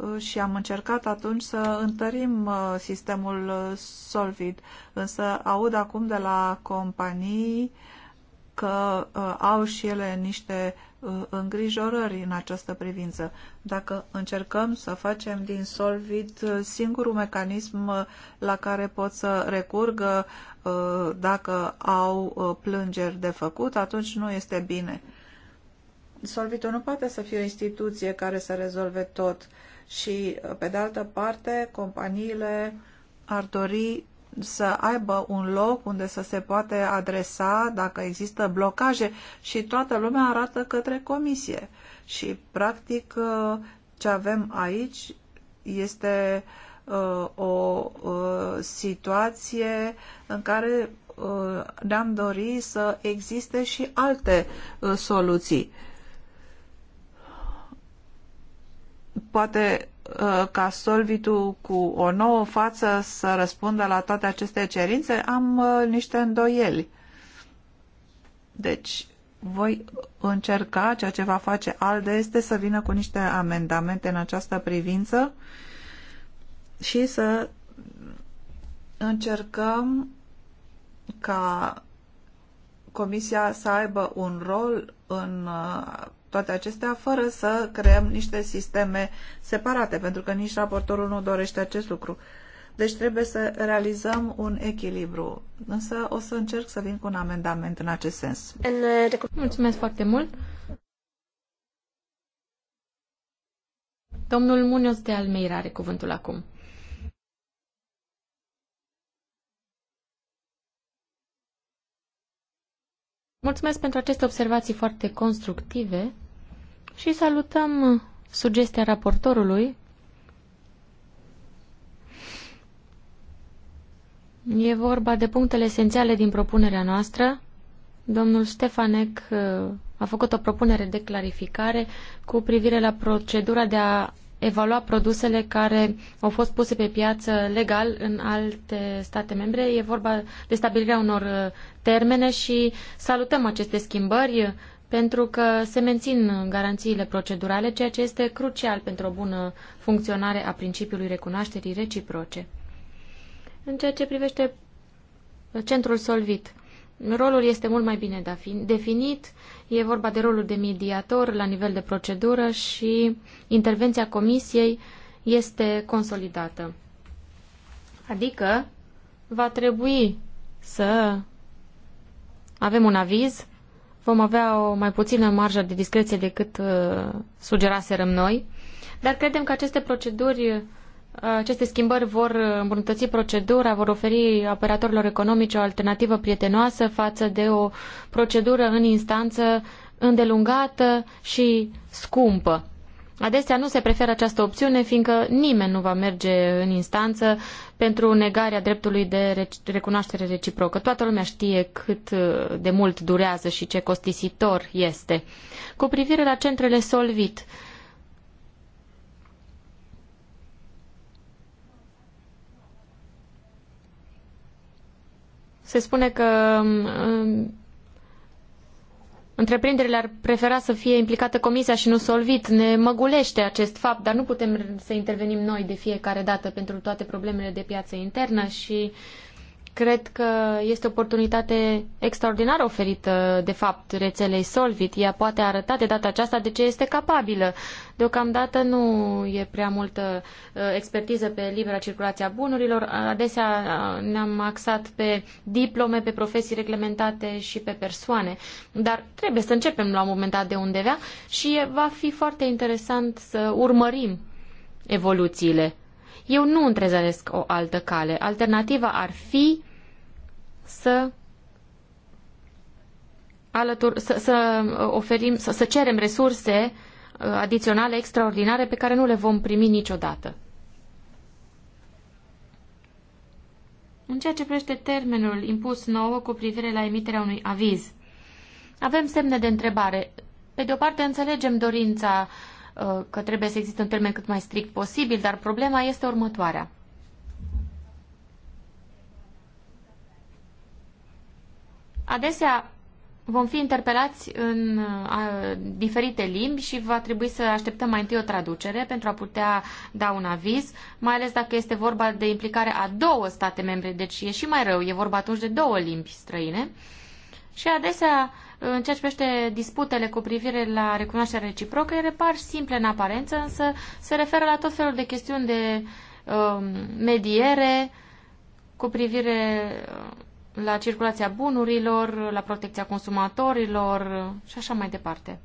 Uh, și am încercat atunci să întărim uh, sistemul uh, Solvit, însă aud acum de la companii că au și ele niște îngrijorări în această privință. Dacă încercăm să facem din Solvit singurul mecanism la care pot să recurgă dacă au plângeri de făcut, atunci nu este bine. Solvitul nu poate să fie o instituție care să rezolve tot. Uh, și, pe de altă parte, companiile ar dori să aibă un loc unde să se poate adresa dacă există blocaje și toată lumea arată către comisie. Și, practic, ce avem aici este uh, o uh, situație în care uh, ne-am dori să existe și alte soluții. poate uh, ca Solvitul cu o nouă față să răspundă la toate aceste cerințe, am uh, niște îndoieli. Deci, voi încerca, ceea ce va face ALDE este să vină cu niște amendamente în această privință și să încercăm ca Comisia să aibă un rol în uh, toate acestea fără să creăm niște sisteme separate, pentru că nici raportorul nu dorește acest lucru. Deci trebuie să realizăm un echilibru. Însă o să încerc să vin cu un amendament în acest sens. Uh, Mulțumesc foarte mult! Domnul Munoz de Almeira are cuvântul acum. Mulțumesc pentru aceste observații foarte constructive și salutăm sugestia raportorului. E vorba de punctele esențiale din propunerea noastră. Domnul Stefanec uh, a făcut o propunere de clarificare cu privire la procedura de a evalua produsele care au fost puse pe piață legal în alte state membre. E vorba de stabilirea unor uh, termene și salutăm aceste schimbări pentru că se mențin garanțiile procedurale, ceea ce este crucial pentru o bună funcționare a principiului recunoașterii reciproce. În ceea ce privește centrul solvit, rolul este mult mai bine da definit, e vorba de rolul de mediator la nivel de procedură și intervenția comisiei este consolidată. Adică va trebui să avem un aviz vom avea o mai puțină marjă de discreție decât uh, sugeraserăm noi, dar credem că aceste proceduri, uh, aceste schimbări vor uh, îmbunătăți procedura, vor oferi operatorilor economici o alternativă prietenoasă față de o procedură în instanță îndelungată și scumpă. Adesea nu se preferă această opțiune, fiindcă nimeni nu va merge în instanță pentru negarea dreptului de recunoaștere reciprocă. Toată lumea știe cât uh, de mult durează și ce costisitor este. Cu privire la centrele Solvit, se spune că um, Întreprinderile ar prefera să fie implicată comisia și nu solvit. Ne măgulește acest fapt, dar nu putem să intervenim noi de fiecare dată pentru toate problemele de piață internă și Cred că este o oportunitate extraordinară oferită, de fapt, rețelei Solvit. Ea poate arăta de data aceasta de ce este capabilă. Deocamdată nu e prea multă uh, expertiză pe libera circulație a bunurilor. Adesea uh, ne-am axat pe diplome, pe profesii reglementate și pe persoane. Dar trebuie să începem la un moment dat de undeva și va fi foarte interesant să urmărim evoluțiile. Eu nu întrezăresc o altă cale. Alternativa ar fi să alătur, să, să uh, oferim, să, să cerem resurse uh, adiționale extraordinare pe care nu le vom primi niciodată. În ceea ce privește termenul impus nouă cu privire la emiterea unui aviz, avem semne de întrebare. Pe de o parte, înțelegem dorința Uh, că trebuie să existe un termen cât mai strict posibil, dar problema este următoarea. Adesea vom fi interpelați în uh, diferite limbi și va trebui să așteptăm mai întâi o traducere pentru a putea da un aviz, mai ales dacă este vorba de implicare a două state membre, deci e și mai rău, e vorba atunci de două limbi străine. Și adesea în ceea ce privește disputele cu privire la recunoașterea reciprocă, ele par simple în aparență, însă se referă la tot felul de chestiuni de um, mediere cu privire uh, la circulația bunurilor, la protecția consumatorilor și așa mai departe.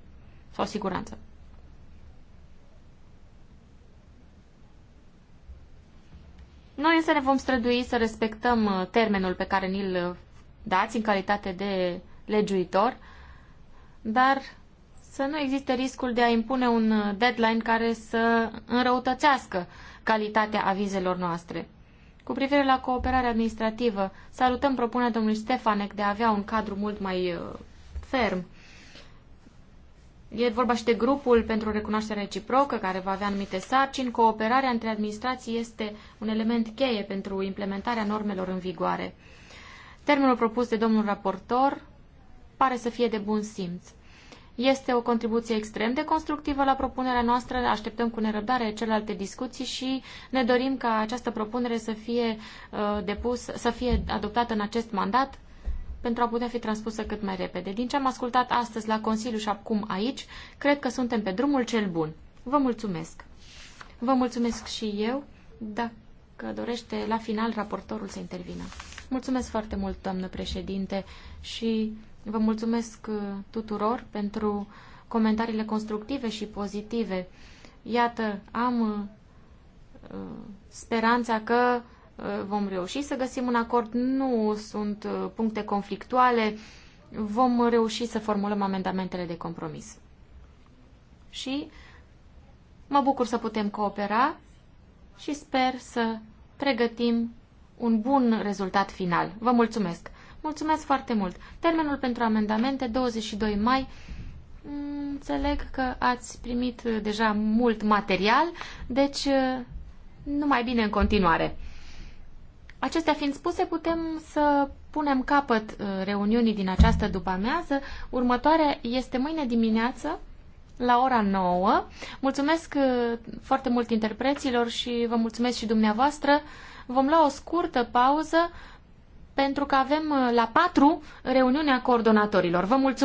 Sau siguranță. Noi însă ne vom strădui să respectăm uh, termenul pe care ni-l uh, dați în calitate de legiuitor dar să nu existe riscul de a impune un deadline care să înrăutățească calitatea avizelor noastre. Cu privire la cooperarea administrativă, salutăm propunerea domnului Stefanec de a avea un cadru mult mai uh, ferm. E vorba și de grupul pentru recunoaștere reciprocă, care va avea anumite sarcini. Cooperarea între administrații este un element cheie pentru implementarea normelor în vigoare. Termenul propus de domnul raportor pare să fie de bun simț. Este o contribuție extrem de constructivă la propunerea noastră, așteptăm cu nerăbdare celelalte discuții și ne dorim ca această propunere să fie, uh, depus, să fie adoptată în acest mandat pentru a putea fi transpusă cât mai repede. Din ce am ascultat astăzi la Consiliu și acum aici, cred că suntem pe drumul cel bun. Vă mulțumesc! Vă mulțumesc și eu, dacă dorește la final raportorul să intervină. Mulțumesc foarte mult, doamnă președinte, și Vă mulțumesc uh, tuturor pentru comentariile constructive și pozitive. Iată, am uh, speranța că uh, vom reuși să găsim un acord. Nu sunt puncte conflictuale. Vom reuși să formulăm amendamentele de compromis. Și mă bucur să putem coopera și sper să pregătim un bun rezultat final. Vă mulțumesc! Mulțumesc foarte mult. Termenul pentru amendamente, 22 mai. Înțeleg că ați primit deja mult material, deci numai bine în continuare. Acestea fiind spuse, putem să punem capăt uh, reuniunii din această după-amiază. Următoarea este mâine dimineață la ora 9. Mulțumesc uh, foarte mult interpreților și vă mulțumesc și dumneavoastră. Vom lua o scurtă pauză pentru că avem uh, la patru reuniunea coordonatorilor. Vă mulțumesc!